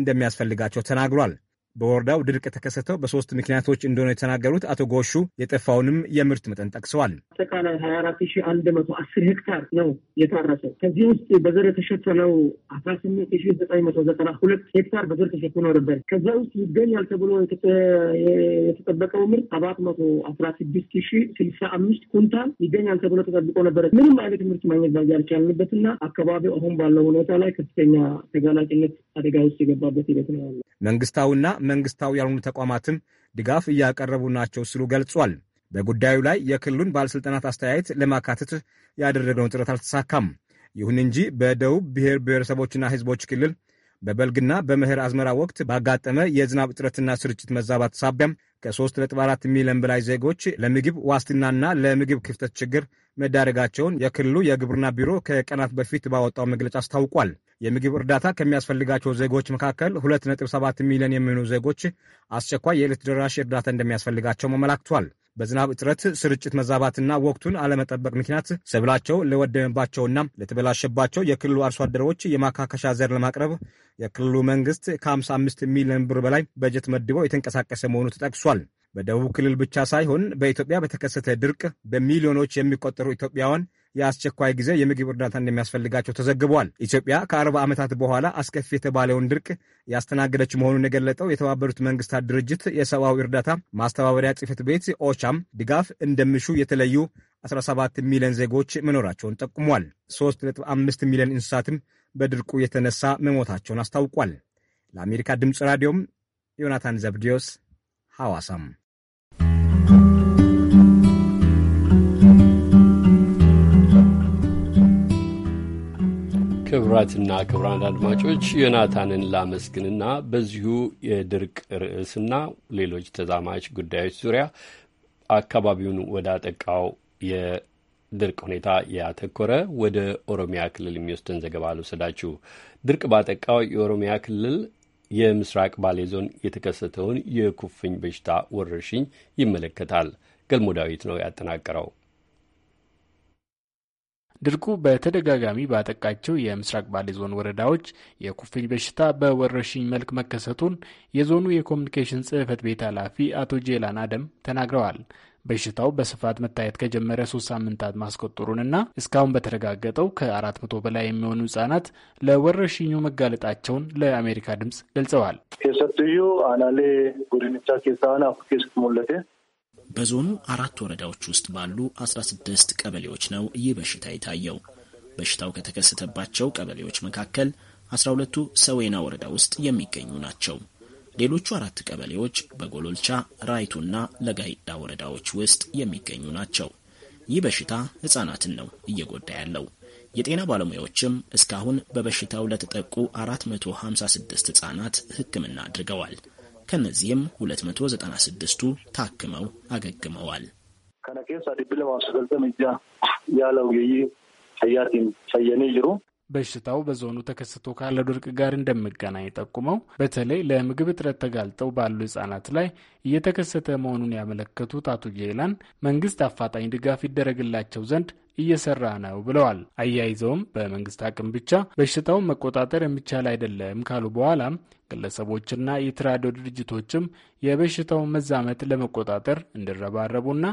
እንደሚያስፈልጋቸው ተናግሯል። በወረዳው ድርቅ የተከሰተው በሶስት ምክንያቶች እንደሆነ የተናገሩት አቶ ጎሹ የጠፋውንም የምርት መጠን ጠቅሰዋል። አጠቃላይ ሀያ አራት ሺ አንድ መቶ አስር ሄክታር ነው የታረሰው። ከዚህ ውስጥ በዘር የተሸፈነው አስራ ስምንት ሺ ዘጠኝ መቶ ዘጠና ሁለት ሄክታር በዘር ተሸፍኖ ነበር። ከዛ ውስጥ ይገኛል ተብሎ የተጠበቀው ምርት ሰባት መቶ አስራ ስድስት ሺ ስልሳ አምስት ኩንታል ይገኛል ተብሎ ተጠብቆ ነበረ። ምንም አይነት ምርት ማግኘት ያልቻልንበትና አካባቢው አሁን ባለው ሁኔታ ላይ ከፍተኛ ተጋላጭነት አደጋ ውስጥ የገባበት ሂደት ነው ያለ መንግስታዊና መንግስታዊ ያልሆኑ ተቋማትም ድጋፍ እያቀረቡ ናቸው ሲሉ ገልጿል። በጉዳዩ ላይ የክልሉን ባለሥልጣናት አስተያየት ለማካተት ያደረግነው ጥረት አልተሳካም። ይሁን እንጂ በደቡብ ብሔር ብሔረሰቦችና ሕዝቦች ክልል በበልግና በመኸር አዝመራ ወቅት ባጋጠመ የዝናብ እጥረትና ስርጭት መዛባት ሳቢያም ከ3.4 ሚሊዮን በላይ ዜጎች ለምግብ ዋስትናና ለምግብ ክፍተት ችግር መዳረጋቸውን የክልሉ የግብርና ቢሮ ከቀናት በፊት ባወጣው መግለጫ አስታውቋል። የምግብ እርዳታ ከሚያስፈልጋቸው ዜጎች መካከል 2.7 ሚሊዮን የሚሆኑ ዜጎች አስቸኳይ የዕለት ደራሽ እርዳታ እንደሚያስፈልጋቸው መመላክቷል። በዝናብ እጥረት፣ ስርጭት መዛባትና ወቅቱን አለመጠበቅ ምክንያት ሰብላቸው ለወደመባቸውና ለተበላሸባቸው የክልሉ አርሶ አደሮች የማካከሻ ዘር ለማቅረብ የክልሉ መንግስት ከ55 ሚሊዮን ብር በላይ በጀት መድበው የተንቀሳቀሰ መሆኑ ተጠቅሷል። በደቡብ ክልል ብቻ ሳይሆን በኢትዮጵያ በተከሰተ ድርቅ በሚሊዮኖች የሚቆጠሩ ኢትዮጵያውያን የአስቸኳይ ጊዜ የምግብ እርዳታ እንደሚያስፈልጋቸው ተዘግቧል። ኢትዮጵያ ከአርባ ዓመታት በኋላ አስከፊ የተባለውን ድርቅ ያስተናገደች መሆኑን የገለጠው የተባበሩት መንግስታት ድርጅት የሰብአዊ እርዳታ ማስተባበሪያ ጽህፈት ቤት ኦቻም ድጋፍ እንደሚሹ የተለዩ 17 ሚሊዮን ዜጎች መኖራቸውን ጠቁሟል። 3.5 ሚሊዮን እንስሳትም በድርቁ የተነሳ መሞታቸውን አስታውቋል። ለአሜሪካ ድምፅ ራዲዮም ዮናታን ዘብዲዮስ ሐዋሳም ክቡራትና ክብራን አድማጮች ዮናታንን ላመስግንና በዚሁ የድርቅ ርዕስና ሌሎች ተዛማች ጉዳዮች ዙሪያ አካባቢውን ወደ አጠቃው የድርቅ ሁኔታ ያተኮረ ወደ ኦሮሚያ ክልል የሚወስደን ዘገባ ልውሰዳችሁ። ድርቅ ባጠቃው የኦሮሚያ ክልል የምስራቅ ባሌ ዞን የተከሰተውን የኩፍኝ በሽታ ወረርሽኝ ይመለከታል። ገልሞ ዳዊት ነው ያጠናቀረው። ድርቁ በተደጋጋሚ ባጠቃቸው የምስራቅ ባሌ ዞን ወረዳዎች የኩፍኝ በሽታ በወረርሽኝ መልክ መከሰቱን የዞኑ የኮሚኒኬሽን ጽሕፈት ቤት ኃላፊ አቶ ጄላን አደም ተናግረዋል። በሽታው በስፋት መታየት ከጀመረ ሶስት ሳምንታት ማስቆጠሩንና እስካሁን በተረጋገጠው ከአራት መቶ በላይ የሚሆኑ ህጻናት ለወረርሽኙ መጋለጣቸውን ለአሜሪካ ድምጽ ገልጸዋል። በዞኑ አራት ወረዳዎች ውስጥ ባሉ 16 ቀበሌዎች ነው ይህ በሽታ የታየው። በሽታው ከተከሰተባቸው ቀበሌዎች መካከል 12ቱ ሰዌና ወረዳ ውስጥ የሚገኙ ናቸው። ሌሎቹ አራት ቀበሌዎች በጎሎልቻ፣ ራይቱና ለጋይዳ ወረዳዎች ውስጥ የሚገኙ ናቸው። ይህ በሽታ ሕፃናትን ነው እየጎዳ ያለው። የጤና ባለሙያዎችም እስካሁን በበሽታው ለተጠቁ 456 ሕፃናት ሕክምና አድርገዋል። ከነዚህም 296ቱ ታክመው አገግመዋል። በሽታው በዞኑ ተከስቶ ካለ ድርቅ ጋር እንደሚገናኝ ጠቁመው በተለይ ለምግብ እጥረት ተጋልጠው ባሉ ህጻናት ላይ እየተከሰተ መሆኑን ያመለከቱት አቶ ጄላን መንግስት አፋጣኝ ድጋፍ ይደረግላቸው ዘንድ እየሰራ ነው ብለዋል። አያይዘውም በመንግስት አቅም ብቻ በሽታውን መቆጣጠር የሚቻል አይደለም ካሉ በኋላም ግለሰቦችና የትራዶ ድርጅቶችም የበሽታው መዛመት ለመቆጣጠር እንዲረባረቡና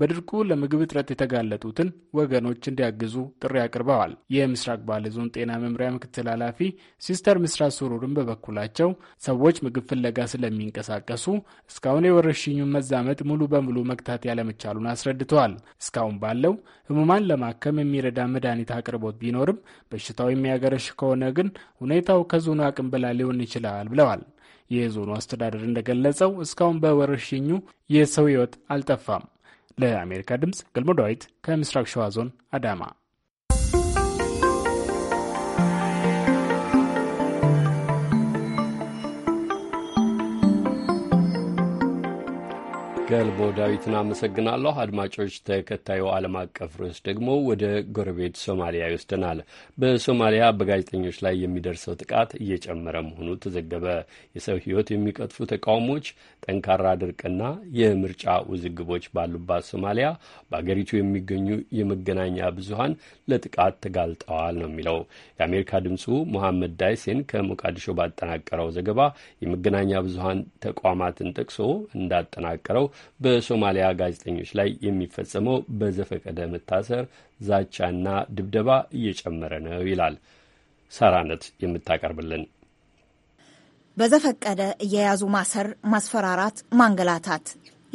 በድርቁ ለምግብ እጥረት የተጋለጡትን ወገኖች እንዲያግዙ ጥሪ አቅርበዋል። የምስራቅ ባሌ ዞን ጤና መምሪያ ምክትል ኃላፊ ሲስተር ምስራት ሱሩርን በበኩላቸው ሰዎች ምግብ ፍለጋ ስለሚንቀሳቀሱ እስካሁን የወረርሽኙን መዛመት ሙሉ በሙሉ መግታት ያለመቻሉን አስረድተዋል። እስካሁን ባለው ህሙማን ለማከም የሚረዳ መድኃኒት አቅርቦት ቢኖርም በሽታው የሚያገረሽ ከሆነ ግን ሁኔታው ከዞኑ አቅም በላይ ሊሆን ይችላል ተጠቅሰዋል ብለዋል። የዞኑ አስተዳደር እንደገለጸው እስካሁን በወረርሽኙ የሰው ሕይወት አልጠፋም። ለአሜሪካ ድምፅ ገልሞ ዳዊት ከምስራቅ ሸዋ ዞን አዳማ ገልቦ ዳዊትን አመሰግናለሁ። አድማጮች፣ ተከታዩ ዓለም አቀፍ ርዕስ ደግሞ ወደ ጎረቤት ሶማሊያ ይወስደናል። በሶማሊያ በጋዜጠኞች ላይ የሚደርሰው ጥቃት እየጨመረ መሆኑ ተዘገበ። የሰው ሕይወት የሚቀጥፉ ተቃውሞች፣ ጠንካራ ድርቅና የምርጫ ውዝግቦች ባሉባት ሶማሊያ በአገሪቱ የሚገኙ የመገናኛ ብዙሀን ለጥቃት ተጋልጠዋል ነው የሚለው የአሜሪካ ድምፁ መሐመድ ዳይሴን ከሞቃዲሾ ባጠናቀረው ዘገባ የመገናኛ ብዙሀን ተቋማትን ጠቅሶ እንዳጠናቀረው በሶማሊያ ጋዜጠኞች ላይ የሚፈጸመው በዘፈቀደ መታሰር፣ ዛቻና ድብደባ እየጨመረ ነው ይላል ሳራነት የምታቀርብልን። በዘፈቀደ እየያዙ ማሰር፣ ማስፈራራት፣ ማንገላታት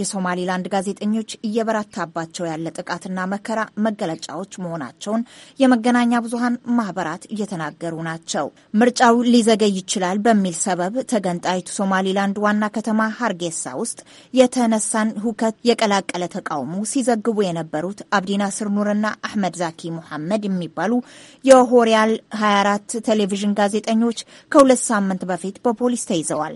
የሶማሌላንድ ጋዜጠኞች እየበረታባቸው ያለ ጥቃትና መከራ መገለጫዎች መሆናቸውን የመገናኛ ብዙሀን ማህበራት እየተናገሩ ናቸው። ምርጫው ሊዘገይ ይችላል በሚል ሰበብ ተገንጣይቱ ሶማሌላንድ ዋና ከተማ ሀርጌሳ ውስጥ የተነሳን ሁከት የቀላቀለ ተቃውሞ ሲዘግቡ የነበሩት አብዲናስር ኑርና አህመድ ዛኪ ሙሐመድ የሚባሉ የሆሪያል 24 ቴሌቪዥን ጋዜጠኞች ከሁለት ሳምንት በፊት በፖሊስ ተይዘዋል።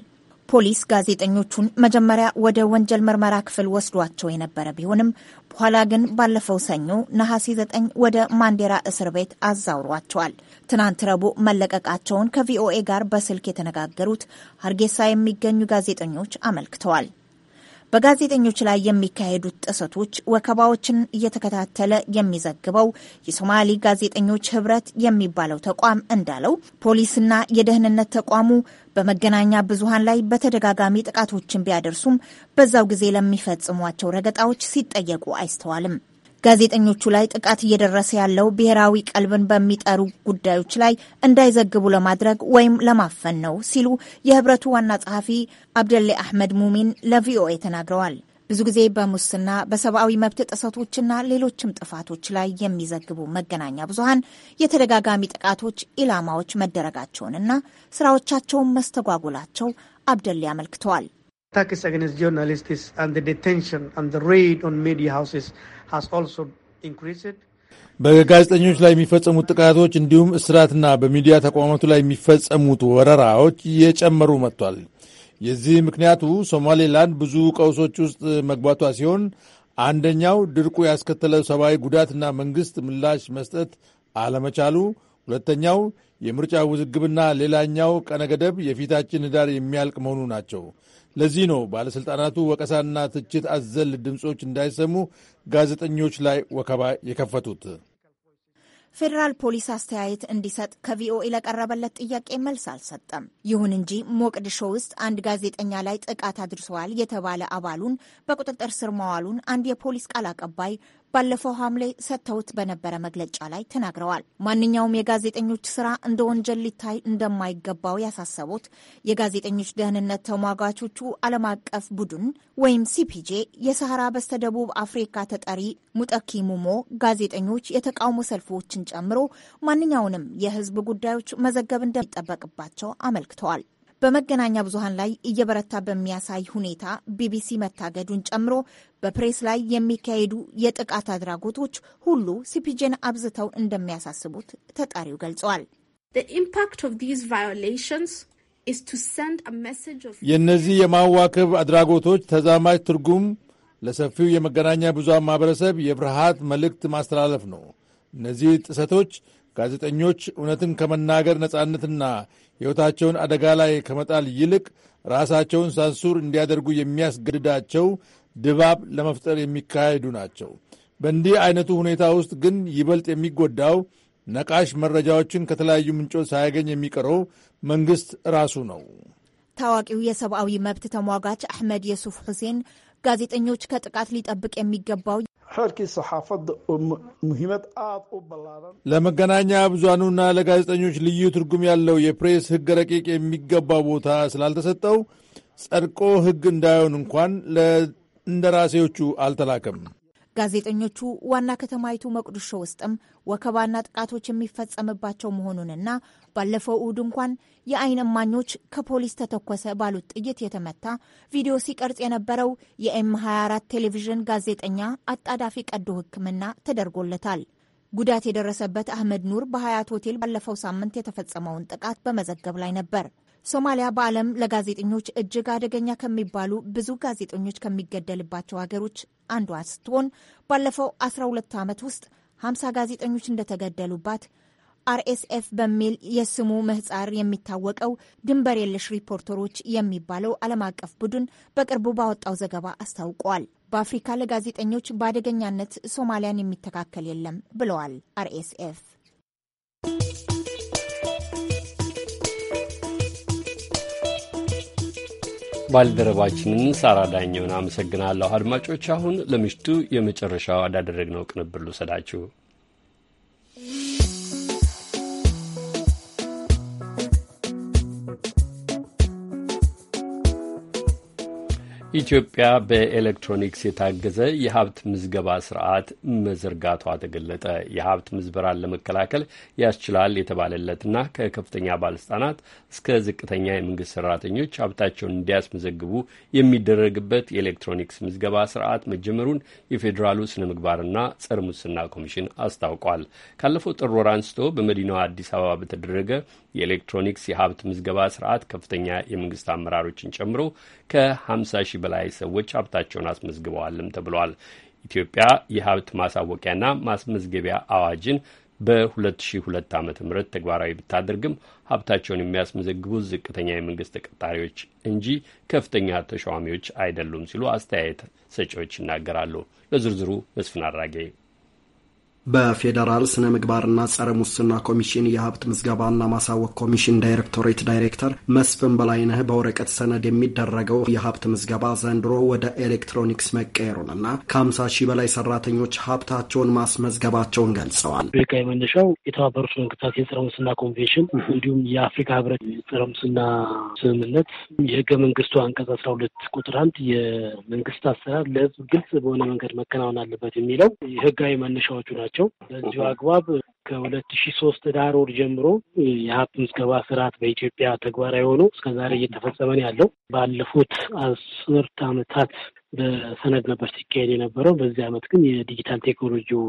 ፖሊስ ጋዜጠኞቹን መጀመሪያ ወደ ወንጀል ምርመራ ክፍል ወስዷቸው የነበረ ቢሆንም በኋላ ግን ባለፈው ሰኞ ነሐሴ 9 ወደ ማንዴራ እስር ቤት አዛውሯቸዋል። ትናንት ረቡዕ መለቀቃቸውን ከቪኦኤ ጋር በስልክ የተነጋገሩት ሀርጌሳ የሚገኙ ጋዜጠኞች አመልክተዋል። በጋዜጠኞች ላይ የሚካሄዱት ጥሰቶች፣ ወከባዎችን እየተከታተለ የሚዘግበው የሶማሌ ጋዜጠኞች ህብረት የሚባለው ተቋም እንዳለው ፖሊስና የደህንነት ተቋሙ በመገናኛ ብዙሃን ላይ በተደጋጋሚ ጥቃቶችን ቢያደርሱም በዛው ጊዜ ለሚፈጽሟቸው ረገጣዎች ሲጠየቁ አይስተዋልም። ጋዜጠኞቹ ላይ ጥቃት እየደረሰ ያለው ብሔራዊ ቀልብን በሚጠሩ ጉዳዮች ላይ እንዳይዘግቡ ለማድረግ ወይም ለማፈን ነው ሲሉ የህብረቱ ዋና ጸሐፊ አብደሌ አህመድ ሙሚን ለቪኦኤ ተናግረዋል። ብዙ ጊዜ በሙስና በሰብአዊ መብት ጥሰቶችና ሌሎችም ጥፋቶች ላይ የሚዘግቡ መገናኛ ብዙሀን የተደጋጋሚ ጥቃቶች ኢላማዎች መደረጋቸውንና ስራዎቻቸውን መስተጓጎላቸው አብደሌ አመልክተዋል። በጋዜጠኞች ላይ የሚፈጸሙት ጥቃቶች እንዲሁም እስራትና በሚዲያ ተቋማቱ ላይ የሚፈጸሙት ወረራዎች እየጨመሩ መጥቷል። የዚህ ምክንያቱ ሶማሌላንድ ብዙ ቀውሶች ውስጥ መግባቷ ሲሆን አንደኛው ድርቁ ያስከተለው ሰብአዊ ጉዳትና መንግሥት ምላሽ መስጠት አለመቻሉ፣ ሁለተኛው የምርጫ ውዝግብና ሌላኛው ቀነገደብ የፊታችን ህዳር የሚያልቅ መሆኑ ናቸው። ለዚህ ነው ባለሥልጣናቱ ወቀሳና ትችት አዘል ድምፆች እንዳይሰሙ ጋዜጠኞች ላይ ወከባ የከፈቱት። ፌዴራል ፖሊስ አስተያየት እንዲሰጥ ከቪኦኤ ለቀረበለት ጥያቄ መልስ አልሰጠም። ይሁን እንጂ ሞቅድሾ ውስጥ አንድ ጋዜጠኛ ላይ ጥቃት አድርሰዋል የተባለ አባሉን በቁጥጥር ስር መዋሉን አንድ የፖሊስ ቃል አቀባይ ባለፈው ሐምሌ ሰጥተውት በነበረ መግለጫ ላይ ተናግረዋል። ማንኛውም የጋዜጠኞች ስራ እንደ ወንጀል ሊታይ እንደማይገባው ያሳሰቡት የጋዜጠኞች ደህንነት ተሟጋቾቹ ዓለም አቀፍ ቡድን ወይም ሲፒጄ የሰሐራ በስተደቡብ አፍሪካ ተጠሪ ሙጠኪ ሙሞ ጋዜጠኞች የተቃውሞ ሰልፎችን ጨምሮ ማንኛውንም የህዝብ ጉዳዮች መዘገብ እንደሚጠበቅባቸው አመልክተዋል። በመገናኛ ብዙሃን ላይ እየበረታ በሚያሳይ ሁኔታ ቢቢሲ መታገዱን ጨምሮ በፕሬስ ላይ የሚካሄዱ የጥቃት አድራጎቶች ሁሉ ሲፒጄን አብዝተው እንደሚያሳስቡት ተጠሪው ገልጸዋል። የእነዚህ የማዋከብ አድራጎቶች ተዛማች ትርጉም ለሰፊው የመገናኛ ብዙሃን ማህበረሰብ የፍርሃት መልእክት ማስተላለፍ ነው። እነዚህ ጥሰቶች ጋዜጠኞች እውነትን ከመናገር ነጻነትና ሕይወታቸውን አደጋ ላይ ከመጣል ይልቅ ራሳቸውን ሳንሱር እንዲያደርጉ የሚያስገድዳቸው ድባብ ለመፍጠር የሚካሄዱ ናቸው። በእንዲህ አይነቱ ሁኔታ ውስጥ ግን ይበልጥ የሚጎዳው ነቃሽ መረጃዎችን ከተለያዩ ምንጮች ሳያገኝ የሚቀረው መንግሥት ራሱ ነው። ታዋቂው የሰብአዊ መብት ተሟጋች አሕመድ የሱፍ ሁሴን ጋዜጠኞች ከጥቃት ሊጠብቅ የሚገባው um ለመገናኛ ብዙሃኑና ለጋዜጠኞች ልዩ ትርጉም ያለው የፕሬስ ሕግ ረቂቅ የሚገባው ቦታ ስላልተሰጠው ጸድቆ ሕግ እንዳይሆን እንኳን ለእንደራሴዎቹ አልተላከም። ጋዜጠኞቹ ዋና ከተማይቱ መቅዱሾ ውስጥም ወከባና ጥቃቶች የሚፈጸምባቸው መሆኑንና ባለፈው እሁድ እንኳን የአይን እማኞች ከፖሊስ ተተኮሰ ባሉት ጥይት የተመታ ቪዲዮ ሲቀርጽ የነበረው የኤም 24 ቴሌቪዥን ጋዜጠኛ አጣዳፊ ቀዶ ሕክምና ተደርጎለታል። ጉዳት የደረሰበት አህመድ ኑር በሀያት ሆቴል ባለፈው ሳምንት የተፈጸመውን ጥቃት በመዘገብ ላይ ነበር። ሶማሊያ በዓለም ለጋዜጠኞች እጅግ አደገኛ ከሚባሉ ብዙ ጋዜጠኞች ከሚገደልባቸው ሀገሮች አንዷ ስትሆን ባለፈው 12 ዓመት ውስጥ 50 ጋዜጠኞች እንደተገደሉባት አርኤስኤፍ በሚል የስሙ ምህጻር የሚታወቀው ድንበር የለሽ ሪፖርተሮች የሚባለው ዓለም አቀፍ ቡድን በቅርቡ ባወጣው ዘገባ አስታውቋል። በአፍሪካ ለጋዜጠኞች በአደገኛነት ሶማሊያን የሚተካከል የለም ብለዋል አርኤስኤፍ። ባልደረባችንን ሳራ ዳኘውን አመሰግናለሁ። አድማጮች አሁን ለምሽቱ የመጨረሻው ወዳደረግነው ቅንብር ልውሰዳችሁ። ኢትዮጵያ በኤሌክትሮኒክስ የታገዘ የሀብት ምዝገባ ስርዓት መዘርጋቷ ተገለጠ። የሀብት ምዝበራን ለመከላከል ያስችላል የተባለለትና ከከፍተኛ ባለስልጣናት እስከ ዝቅተኛ የመንግስት ሰራተኞች ሀብታቸውን እንዲያስመዘግቡ የሚደረግበት የኤሌክትሮኒክስ ምዝገባ ስርዓት መጀመሩን የፌዴራሉ ስነ ምግባርና ጸረ ሙስና ኮሚሽን አስታውቋል። ካለፈው ጥር ወር አንስቶ በመዲናዋ አዲስ አበባ በተደረገ የኤሌክትሮኒክስ የሀብት ምዝገባ ስርዓት ከፍተኛ የመንግስት አመራሮችን ጨምሮ ከ50 በላይ ሰዎች ሀብታቸውን አስመዝግበዋልም ተብሏል። ኢትዮጵያ የሀብት ማሳወቂያና ማስመዝገቢያ አዋጅን በ2002 ዓ ም ተግባራዊ ብታደርግም ሀብታቸውን የሚያስመዘግቡት ዝቅተኛ የመንግስት ተቀጣሪዎች እንጂ ከፍተኛ ተሿሚዎች አይደሉም ሲሉ አስተያየት ሰጪዎች ይናገራሉ። ለዝርዝሩ መስፍን አራጌ በፌዴራል ስነ ምግባርና ጸረ ሙስና ኮሚሽን የሀብት ምዝገባና ማሳወቅ ኮሚሽን ዳይሬክቶሬት ዳይሬክተር መስፍን በላይነህ በወረቀት ሰነድ የሚደረገው የሀብት ምዝገባ ዘንድሮ ወደ ኤሌክትሮኒክስ መቀየሩንና ከሀምሳ ሺህ በላይ ሰራተኞች ሀብታቸውን ማስመዝገባቸውን ገልጸዋል። በቃ የመነሻው የተባበሩት መንግስታት የጸረ ሙስና ኮንቬንሽን እንዲሁም የአፍሪካ ህብረት የጸረ ሙስና ስምምነት የህገ መንግስቱ አንቀጽ አስራ ሁለት ቁጥር አንድ የመንግስት አሰራር ለህዝብ ግልጽ በሆነ መንገድ መከናወን አለበት የሚለው ህጋዊ መነሻዎቹ ናቸው። ያላቸው በዚሁ አግባብ ከሁለት ሺ ሶስት ዳር ወር ጀምሮ የሀብት ምዝገባ ስርዓት በኢትዮጵያ ተግባራዊ ሆኖ እስከዛሬ እየተፈጸመ ነው ያለው። ባለፉት አስርት አመታት በሰነድ ነበር ሲካሄድ የነበረው። በዚህ አመት ግን የዲጂታል ቴክኖሎጂው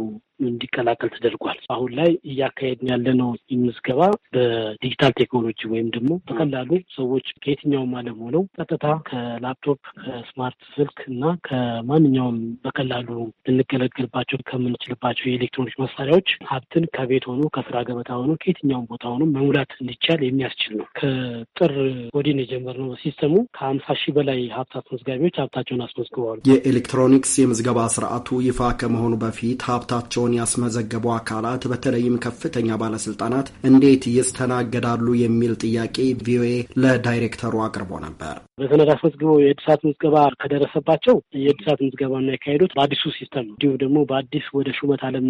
እንዲቀላቀል ተደርጓል። አሁን ላይ እያካሄድን ያለነው ምዝገባ በዲጂታል ቴክኖሎጂ ወይም ደግሞ በቀላሉ ሰዎች ከየትኛውም ዓለም ሆነው ቀጥታ ከላፕቶፕ ከስማርት ስልክ እና ከማንኛውም በቀላሉ ልንገለገልባቸው ከምንችልባቸው የኤሌክትሮኒክ መሳሪያዎች ሀብትን ቤት ሆኖ ከስራ ገበታ ሆኖ ከየትኛውም ቦታ ሆኖ መሙላት እንዲቻል የሚያስችል ነው። ከጥር ወዲህ ነው የጀመርነው ሲስተሙ። ከሀምሳ ሺህ በላይ ሀብት አስመዝጋቢዎች ሀብታቸውን አስመዝግበዋል። የኤሌክትሮኒክስ የምዝገባ ስርዓቱ ይፋ ከመሆኑ በፊት ሀብታቸውን ያስመዘገቡ አካላት በተለይም ከፍተኛ ባለስልጣናት እንዴት ይስተናገዳሉ የሚል ጥያቄ ቪኦኤ ለዳይሬክተሩ አቅርቦ ነበር። በሰነድ አስመዝግበው የእድሳት ምዝገባ ከደረሰባቸው የእድሳት ምዝገባ ያካሄዱት በአዲሱ ሲስተም እንዲሁም ደግሞ በአዲስ ወደ ሹመት አለም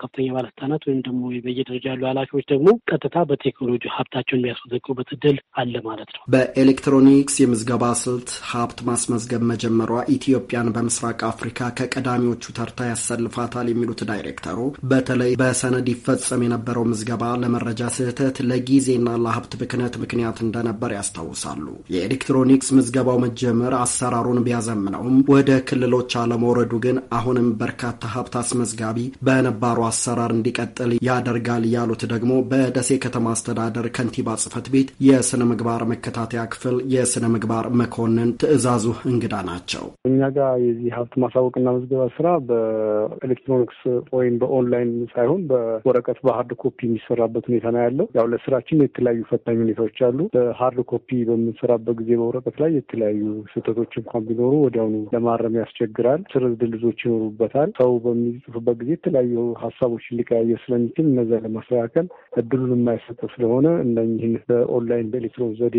ከፍተኛ ባለስልጣናት ወይም ወይም ደግሞ በየደረጃ ያሉ ኃላፊዎች ደግሞ ቀጥታ በቴክኖሎጂ ሀብታቸውን የሚያስመዘግቡበት እድል አለ ማለት ነው። በኤሌክትሮኒክስ የምዝገባ ስልት ሀብት ማስመዝገብ መጀመሯ ኢትዮጵያን በምስራቅ አፍሪካ ከቀዳሚዎቹ ተርታ ያሰልፋታል የሚሉት ዳይሬክተሩ በተለይ በሰነድ ይፈጸም የነበረው ምዝገባ ለመረጃ ስህተት፣ ለጊዜና ለሀብት ብክነት ምክንያት እንደነበር ያስታውሳሉ። የኤሌክትሮኒክስ ምዝገባው መጀመር አሰራሩን ቢያዘምነውም ወደ ክልሎች አለመውረዱ ግን አሁንም በርካታ ሀብት አስመዝጋቢ በነባሩ አሰራር እንዲቀጥል እንዲቀጥል ያደርጋል ያሉት ደግሞ በደሴ ከተማ አስተዳደር ከንቲባ ጽህፈት ቤት የስነ ምግባር መከታተያ ክፍል የስነ ምግባር መኮንን ትዕዛዙ እንግዳ ናቸው። እኛ ጋር የዚህ ሀብት ማሳወቅና መዝገባ ስራ በኤሌክትሮኒክስ ወይም በኦንላይን ሳይሆን በወረቀት በሀርድ ኮፒ የሚሰራበት ሁኔታ ነው ያለው። ያው ለስራችን የተለያዩ ፈታኝ ሁኔታዎች አሉ። በሀርድ ኮፒ በምንሰራበት ጊዜ በወረቀት ላይ የተለያዩ ስህተቶች እንኳን ቢኖሩ ወዲያውኑ ለማረም ያስቸግራል። ስር ድልድሎች ይኖሩበታል። ሰው በሚጽፍበት ጊዜ የተለያዩ ሀሳቦችን ሊቀያየር ስለሚችል እነዛ ለማስተካከል እድሉን የማይሰጠው ስለሆነ እነኝህን በኦንላይን በኤሌክትሮን ዘዴ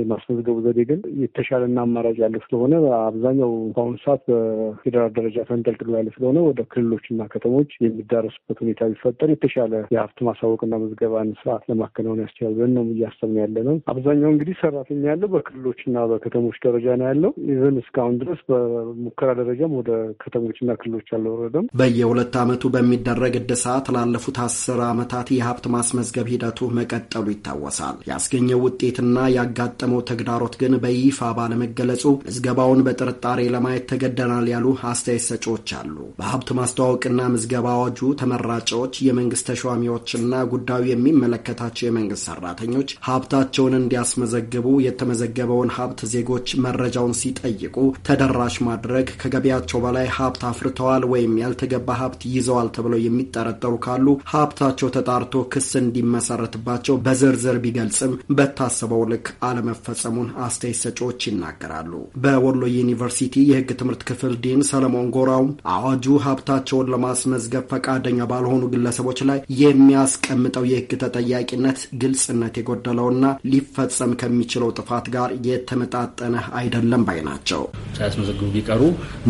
የማስመዝገቡ ዘዴ ግን የተሻለና አማራጭ ያለ ስለሆነ አብዛኛው በአሁኑ ሰዓት በፌዴራል ደረጃ ተንጠልጥሎ ያለ ስለሆነ ወደ ክልሎችና ከተሞች የሚዳረሱበት ሁኔታ ቢፈጠር የተሻለ የሀብት ማሳወቅና መዝገባን ስርዓት ለማከናወን ያስችላል ብለን ነው እያሰብን ያለ ነው። አብዛኛው እንግዲህ ሰራተኛ ያለው በክልሎችና በከተሞች ደረጃ ነው ያለው። ኢቨን እስካሁን ድረስ በሙከራ ደረጃም ወደ ከተሞችና ክልሎች አልወረደም። በየሁለት ዓመቱ በሚደረግ እድሳት ላለፉት ላለፉት አስር ዓመታት የሀብት ማስመዝገብ ሂደቱ መቀጠሉ ይታወሳል። ያስገኘው ውጤትና ያጋጠመው ተግዳሮት ግን በይፋ ባለመገለጹ ምዝገባውን በጥርጣሬ ለማየት ተገደናል ያሉ አስተያየት ሰጪዎች አሉ። በሀብት ማስተዋወቅና ምዝገባ አዋጁ ተመራጮች፣ የመንግስት ተሿሚዎችና ጉዳዩ የሚመለከታቸው የመንግስት ሰራተኞች ሀብታቸውን እንዲያስመዘግቡ የተመዘገበውን ሀብት ዜጎች መረጃውን ሲጠይቁ ተደራሽ ማድረግ፣ ከገቢያቸው በላይ ሀብት አፍርተዋል ወይም ያልተገባ ሀብት ይዘዋል ተብለው የሚጠረጠሩ ካሉ ሀብታቸው ተጣርቶ ክስ እንዲመሰረትባቸው በዝርዝር ቢገልጽም በታሰበው ልክ አለመፈጸሙን አስተያየት ሰጪዎች ይናገራሉ። በወሎ ዩኒቨርሲቲ የህግ ትምህርት ክፍል ዲን ሰለሞን ጎራው አዋጁ ሀብታቸውን ለማስመዝገብ ፈቃደኛ ባልሆኑ ግለሰቦች ላይ የሚያስቀምጠው የህግ ተጠያቂነት ግልጽነት የጎደለውና ሊፈጸም ከሚችለው ጥፋት ጋር የተመጣጠነ አይደለም ባይ ናቸው። ሳያስመዘግቡ ቢቀሩ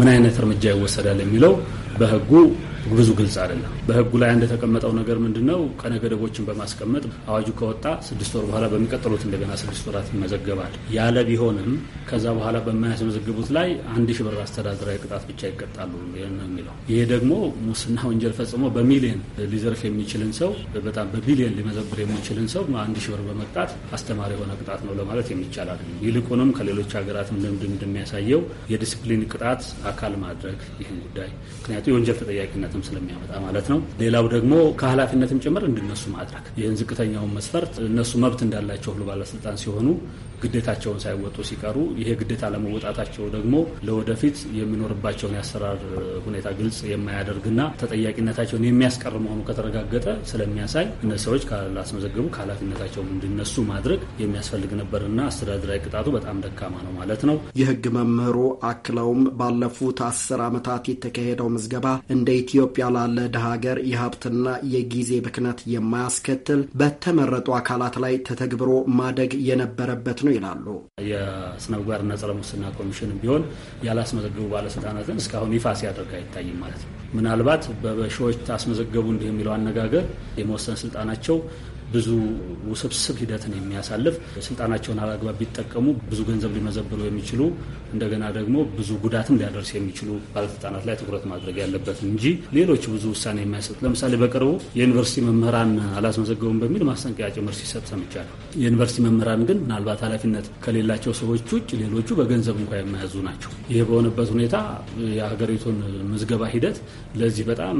ምን አይነት እርምጃ ይወሰዳል የሚለው በህጉ ብዙ ግልጽ አይደለም። በህጉ ላይ እንደተቀመጠው ነገር ምንድን ነው? ቀነ ገደቦችን በማስቀመጥ አዋጁ ከወጣ ስድስት ወር በኋላ በሚቀጥሉት እንደገና ስድስት ወራት ይመዘገባል ያለ ቢሆንም ከዛ በኋላ በማያስመዘግቡት ላይ አንድ ሺ ብር አስተዳደራዊ ቅጣት ብቻ ይቀጣሉ ነው የሚለው። ይሄ ደግሞ ሙስና ወንጀል ፈጽሞ በሚሊየን ሊዘርፍ የሚችልን ሰው በጣም በቢሊየን ሊመዘብር የሚችልን ሰው አንድ ሺ ብር በመቅጣት አስተማሪ የሆነ ቅጣት ነው ለማለት የሚቻላል። ይልቁንም ከሌሎች ሀገራትም ልምድ እንደሚያሳየው የዲስፕሊን ቅጣት አካል ማድረግ ይህን ጉዳይ ምክንያቱም ምክንያቱ የወንጀል ተጠያቂነትም ስለሚያመጣ ማለት ነው። ሌላው ደግሞ ከኃላፊነትም ጭምር እንዲነሱ ማድረግ ይህን ዝቅተኛውን መስፈርት እነሱ መብት እንዳላቸው ሁሉ ባለስልጣን ሲሆኑ ግዴታቸውን ሳይወጡ ሲቀሩ፣ ይሄ ግዴታ ለመወጣታቸው ደግሞ ለወደፊት የሚኖርባቸውን የአሰራር ሁኔታ ግልጽ የማያደርግና ተጠያቂነታቸውን የሚያስቀር መሆኑ ከተረጋገጠ ስለሚያሳይ እነ ሰዎች ካላስመዘገቡ ከኃላፊነታቸው እንዲነሱ ማድረግ የሚያስፈልግ ነበርና አስተዳደራዊ ቅጣቱ በጣም ደካማ ነው ማለት ነው። የህግ መምህሩ አክለውም ባለፉት አስር ዓመታት የተካሄደው ምዝገባ እንደ ኢትዮጵያ ላለ ድሃ ሀገር የሀብትና የጊዜ ብክነት የማያስከትል በተመረጡ አካላት ላይ ተተግብሮ ማደግ የነበረበት ነው ይላሉ። የስነ ምግባርና ጸረ ሙስና ኮሚሽን ቢሆን ያላስመዘገቡ ባለስልጣናትን እስካሁን ይፋ ሲያደርግ አይታይም ማለት ነው። ምናልባት በሺዎች ታስመዘገቡ እንዲህ የሚለው አነጋገር የመወሰን ስልጣናቸው ብዙ ውስብስብ ሂደትን የሚያሳልፍ ስልጣናቸውን አላግባብ ቢጠቀሙ ብዙ ገንዘብ ሊመዘብሩ የሚችሉ እንደገና ደግሞ ብዙ ጉዳትም ሊያደርስ የሚችሉ ባለስልጣናት ላይ ትኩረት ማድረግ ያለበት እንጂ ሌሎች ብዙ ውሳኔ የሚያሰጥ ለምሳሌ በቅርቡ የዩኒቨርሲቲ መምህራን አላስመዘገቡም በሚል ማስጠንቀቂያ ጭምር ሲሰጥ ሰምቻለሁ። የዩኒቨርሲቲ መምህራን ግን ምናልባት ኃላፊነት ከሌላቸው ሰዎች ውጭ ሌሎቹ በገንዘብ እንኳ የማያዙ ናቸው። ይህ በሆነበት ሁኔታ የሀገሪቱን ምዝገባ ሂደት ለዚህ በጣም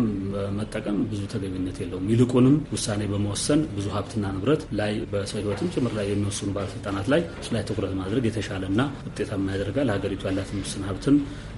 መጠቀም ብዙ ተገቢነት የለውም። ይልቁንም ውሳኔ በመወሰን ብዙ ሀብትና ንብረት ላይ በሰው ህይወትም ጭምር ላይ የሚወስኑ ባለስልጣናት ላይ ላይ ትኩረት ማድረግ የተሻለና ውጤታማ ያደርጋል። ሀገሪቱ ያላትን ውስን ሀብትም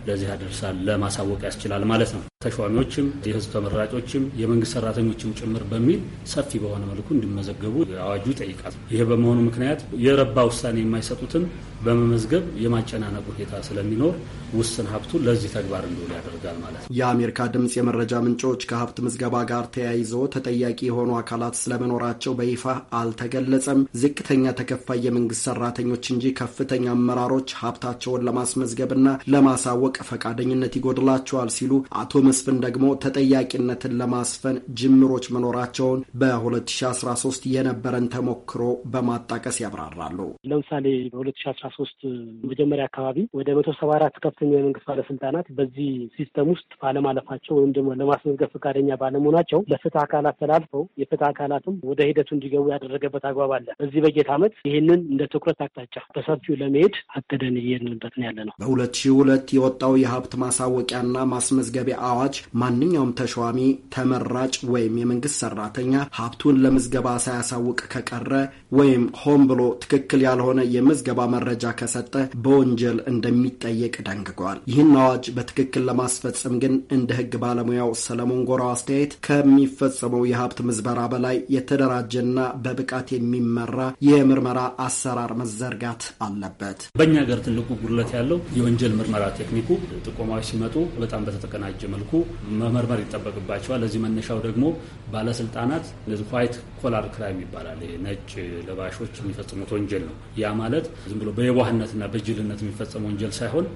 ለዚህ ያደርሳል ለማሳወቅ ያስችላል ማለት ነው። ተሿሚዎችም፣ የህዝብ ተመራጮችም፣ የመንግስት ሰራተኞችም ጭምር በሚል ሰፊ በሆነ መልኩ እንዲመዘገቡ አዋጁ ይጠይቃል። ይሄ በመሆኑ ምክንያት የረባ ውሳኔ የማይሰጡትን በመመዝገብ የማጨናነቅ ሁኔታ ስለሚኖር ውስን ሀብቱ ለዚህ ተግባር እንዲውል ያደርጋል ማለት ነው። የአሜሪካ ድምፅ የመረጃ ምንጮች ከሀብት ምዝገባ ጋር ተያይዞ ተጠያቂ የሆኑ አካላት ስለመኖራቸው በይፋ አልተገለጸም። ዝቅተኛ ተከፋይ የመንግስት ሰራተኞች እንጂ ከፍተኛ አመራሮች ሀብታቸውን ለማስመዝገብና ለማሳወቅ የማወቅ ፈቃደኝነት ይጎድላቸዋል ሲሉ አቶ መስፍን ደግሞ ተጠያቂነትን ለማስፈን ጅምሮች መኖራቸውን በ2013 የነበረን ተሞክሮ በማጣቀስ ያብራራሉ። ለምሳሌ በ2013 መጀመሪያ አካባቢ ወደ መቶ ሰባ አራት ከፍተኛ የመንግስት ባለስልጣናት በዚህ ሲስተም ውስጥ ባለማለፋቸው ወይም ደግሞ ለማስመዝገብ ፈቃደኛ ባለመሆናቸው ለፍትህ አካላት ተላልፈው የፍትህ አካላትም ወደ ሂደቱ እንዲገቡ ያደረገበት አግባብ አለ። በዚህ በጀት ዓመት ይህንን እንደ ትኩረት አቅጣጫ በሰፊው ለመሄድ አቅደን እየሄድንበት ያለ ነው። በሁለት ሺህ ሁለት የወጣ የወጣው የሀብት ማሳወቂያና ማስመዝገቢያ አዋጅ ማንኛውም ተሿሚ፣ ተመራጭ ወይም የመንግስት ሰራተኛ ሀብቱን ለምዝገባ ሳያሳውቅ ከቀረ ወይም ሆን ብሎ ትክክል ያልሆነ የምዝገባ መረጃ ከሰጠ በወንጀል እንደሚጠየቅ ደንግጓል። ይህን አዋጅ በትክክል ለማስፈጸም ግን እንደ ህግ ባለሙያው ሰለሞን ጎራው አስተያየት ከሚፈጸመው የሀብት ምዝበራ በላይ የተደራጀና በብቃት የሚመራ የምርመራ አሰራር መዘርጋት አለበት። በእኛ ሀገር ትልቁ ጉድለት ያለው የወንጀል ምርመራ ቴክኒኩ ጥቆማዎች ሲመጡ በጣም በተቀናጀ መልኩ መመርመር ይጠበቅባቸዋል። ለዚህ መነሻው ደግሞ ባለስልጣናት እነዚህ ዋይት ኮላር ክራይም ይባላል። ነጭ ለባሾች የሚፈጽሙት ወንጀል ነው። ያ ማለት ዝም ብሎ በየዋህነትና በጅልነት የሚፈጸም ወንጀል ሳይሆን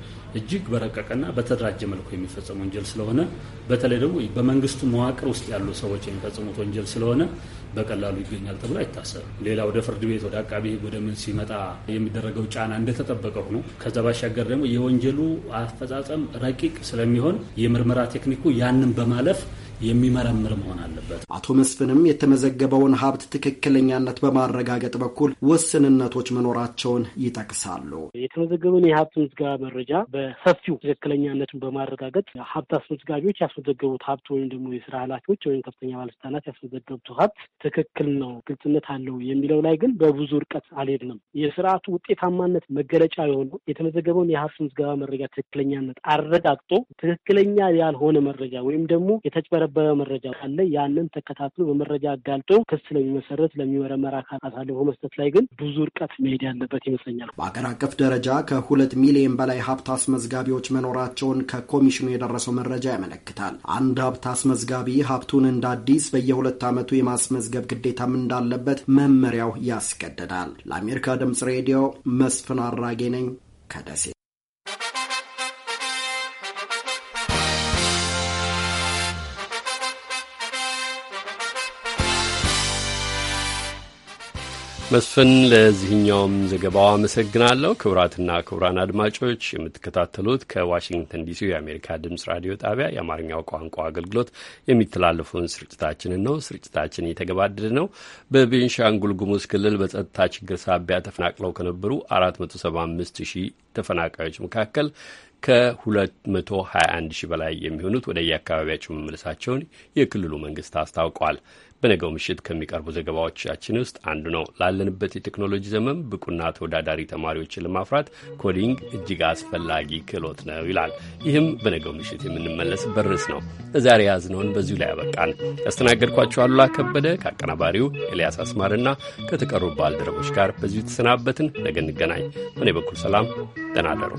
እጅግ በረቀቀና በተደራጀ መልኩ የሚፈጸም ወንጀል ስለሆነ በተለይ ደግሞ በመንግስቱ መዋቅር ውስጥ ያሉ ሰዎች የሚፈጽሙት ወንጀል ስለሆነ በቀላሉ ይገኛል ተብሎ አይታሰብም። ሌላ ወደ ፍርድ ቤት ወደ አቃቢ ሕግ ወደ ምን ሲመጣ የሚደረገው ጫና እንደተጠበቀ ሆኖ ከዛ ባሻገር ደግሞ የወንጀሉ አፈጻጸም ረቂቅ ስለሚሆን የምርመራ ቴክኒኩ ያንን በማለፍ የሚመረምር መሆን አለበት። አቶ መስፍንም የተመዘገበውን ሀብት ትክክለኛነት በማረጋገጥ በኩል ውስንነቶች መኖራቸውን ይጠቅሳሉ። የተመዘገበውን የሀብት ምዝገባ መረጃ በሰፊው ትክክለኛነቱን በማረጋገጥ ሀብት አስመዝጋቢዎች ያስመዘገቡት ሀብት ወይም ደግሞ የስራ ኃላፊዎች ወይም ከፍተኛ ባለስልጣናት ያስመዘገቡት ሀብት ትክክል ነው፣ ግልጽነት አለው የሚለው ላይ ግን በብዙ እርቀት አልሄድንም። የስርዓቱ ውጤታማነት መገለጫ የሆነው የተመዘገበውን የሀብት ምዝገባ መረጃ ትክክለኛነት አረጋግጦ ትክክለኛ ያልሆነ መረጃ ወይም ደግሞ የተጭበረ የተቀበለ መረጃ አለ። ያንን ተከታትሎ በመረጃ አጋልጦ ክስ ለሚመሰረት ለሚመረመር አካል አሳልፎ መስጠት ላይ ግን ብዙ እርቀት መሄድ ያለበት ይመስለኛል። በአገር አቀፍ ደረጃ ከሁለት ሚሊዮን በላይ ሀብት አስመዝጋቢዎች መኖራቸውን ከኮሚሽኑ የደረሰው መረጃ ያመለክታል። አንድ ሀብት አስመዝጋቢ ሀብቱን እንደ አዲስ በየሁለት ዓመቱ የማስመዝገብ ግዴታም እንዳለበት መመሪያው ያስገድዳል። ለአሜሪካ ድምጽ ሬዲዮ መስፍን አራጌ ነኝ ከደሴ። መስፍን ለዚህኛውም ዘገባው አመሰግናለሁ። ክቡራትና ክቡራን አድማጮች የምትከታተሉት ከዋሽንግተን ዲሲ የአሜሪካ ድምጽ ራዲዮ ጣቢያ የአማርኛው ቋንቋ አገልግሎት የሚተላለፈውን ስርጭታችንን ነው። ስርጭታችን እየተገባደደ ነው። በቤንሻንጉል ጉሙዝ ክልል በጸጥታ ችግር ሳቢያ ተፈናቅለው ከነበሩ 475 ሺህ ተፈናቃዮች መካከል ከ221 ሺህ በላይ የሚሆኑት ወደ የአካባቢያቸው መመለሳቸውን የክልሉ መንግስት አስታውቋል። በነገው ምሽት ከሚቀርቡ ዘገባዎቻችን ውስጥ አንዱ ነው። ላለንበት የቴክኖሎጂ ዘመን ብቁና ተወዳዳሪ ተማሪዎችን ለማፍራት ኮዲንግ እጅግ አስፈላጊ ክህሎት ነው ይላል። ይህም በነገው ምሽት የምንመለስበት ርዕስ ነው። ለዛሬ ያዝነውን በዚሁ ላይ ያበቃን። ያስተናገድኳችሁ አሉላ ከበደ ከአቀናባሪው ኤልያስ አስማርና ከተቀሩ ባልደረቦች ጋር በዚሁ የተሰናበትን። ነገ እንገናኝ። በእኔ በኩል ሰላም፣ ደህና እደሩ።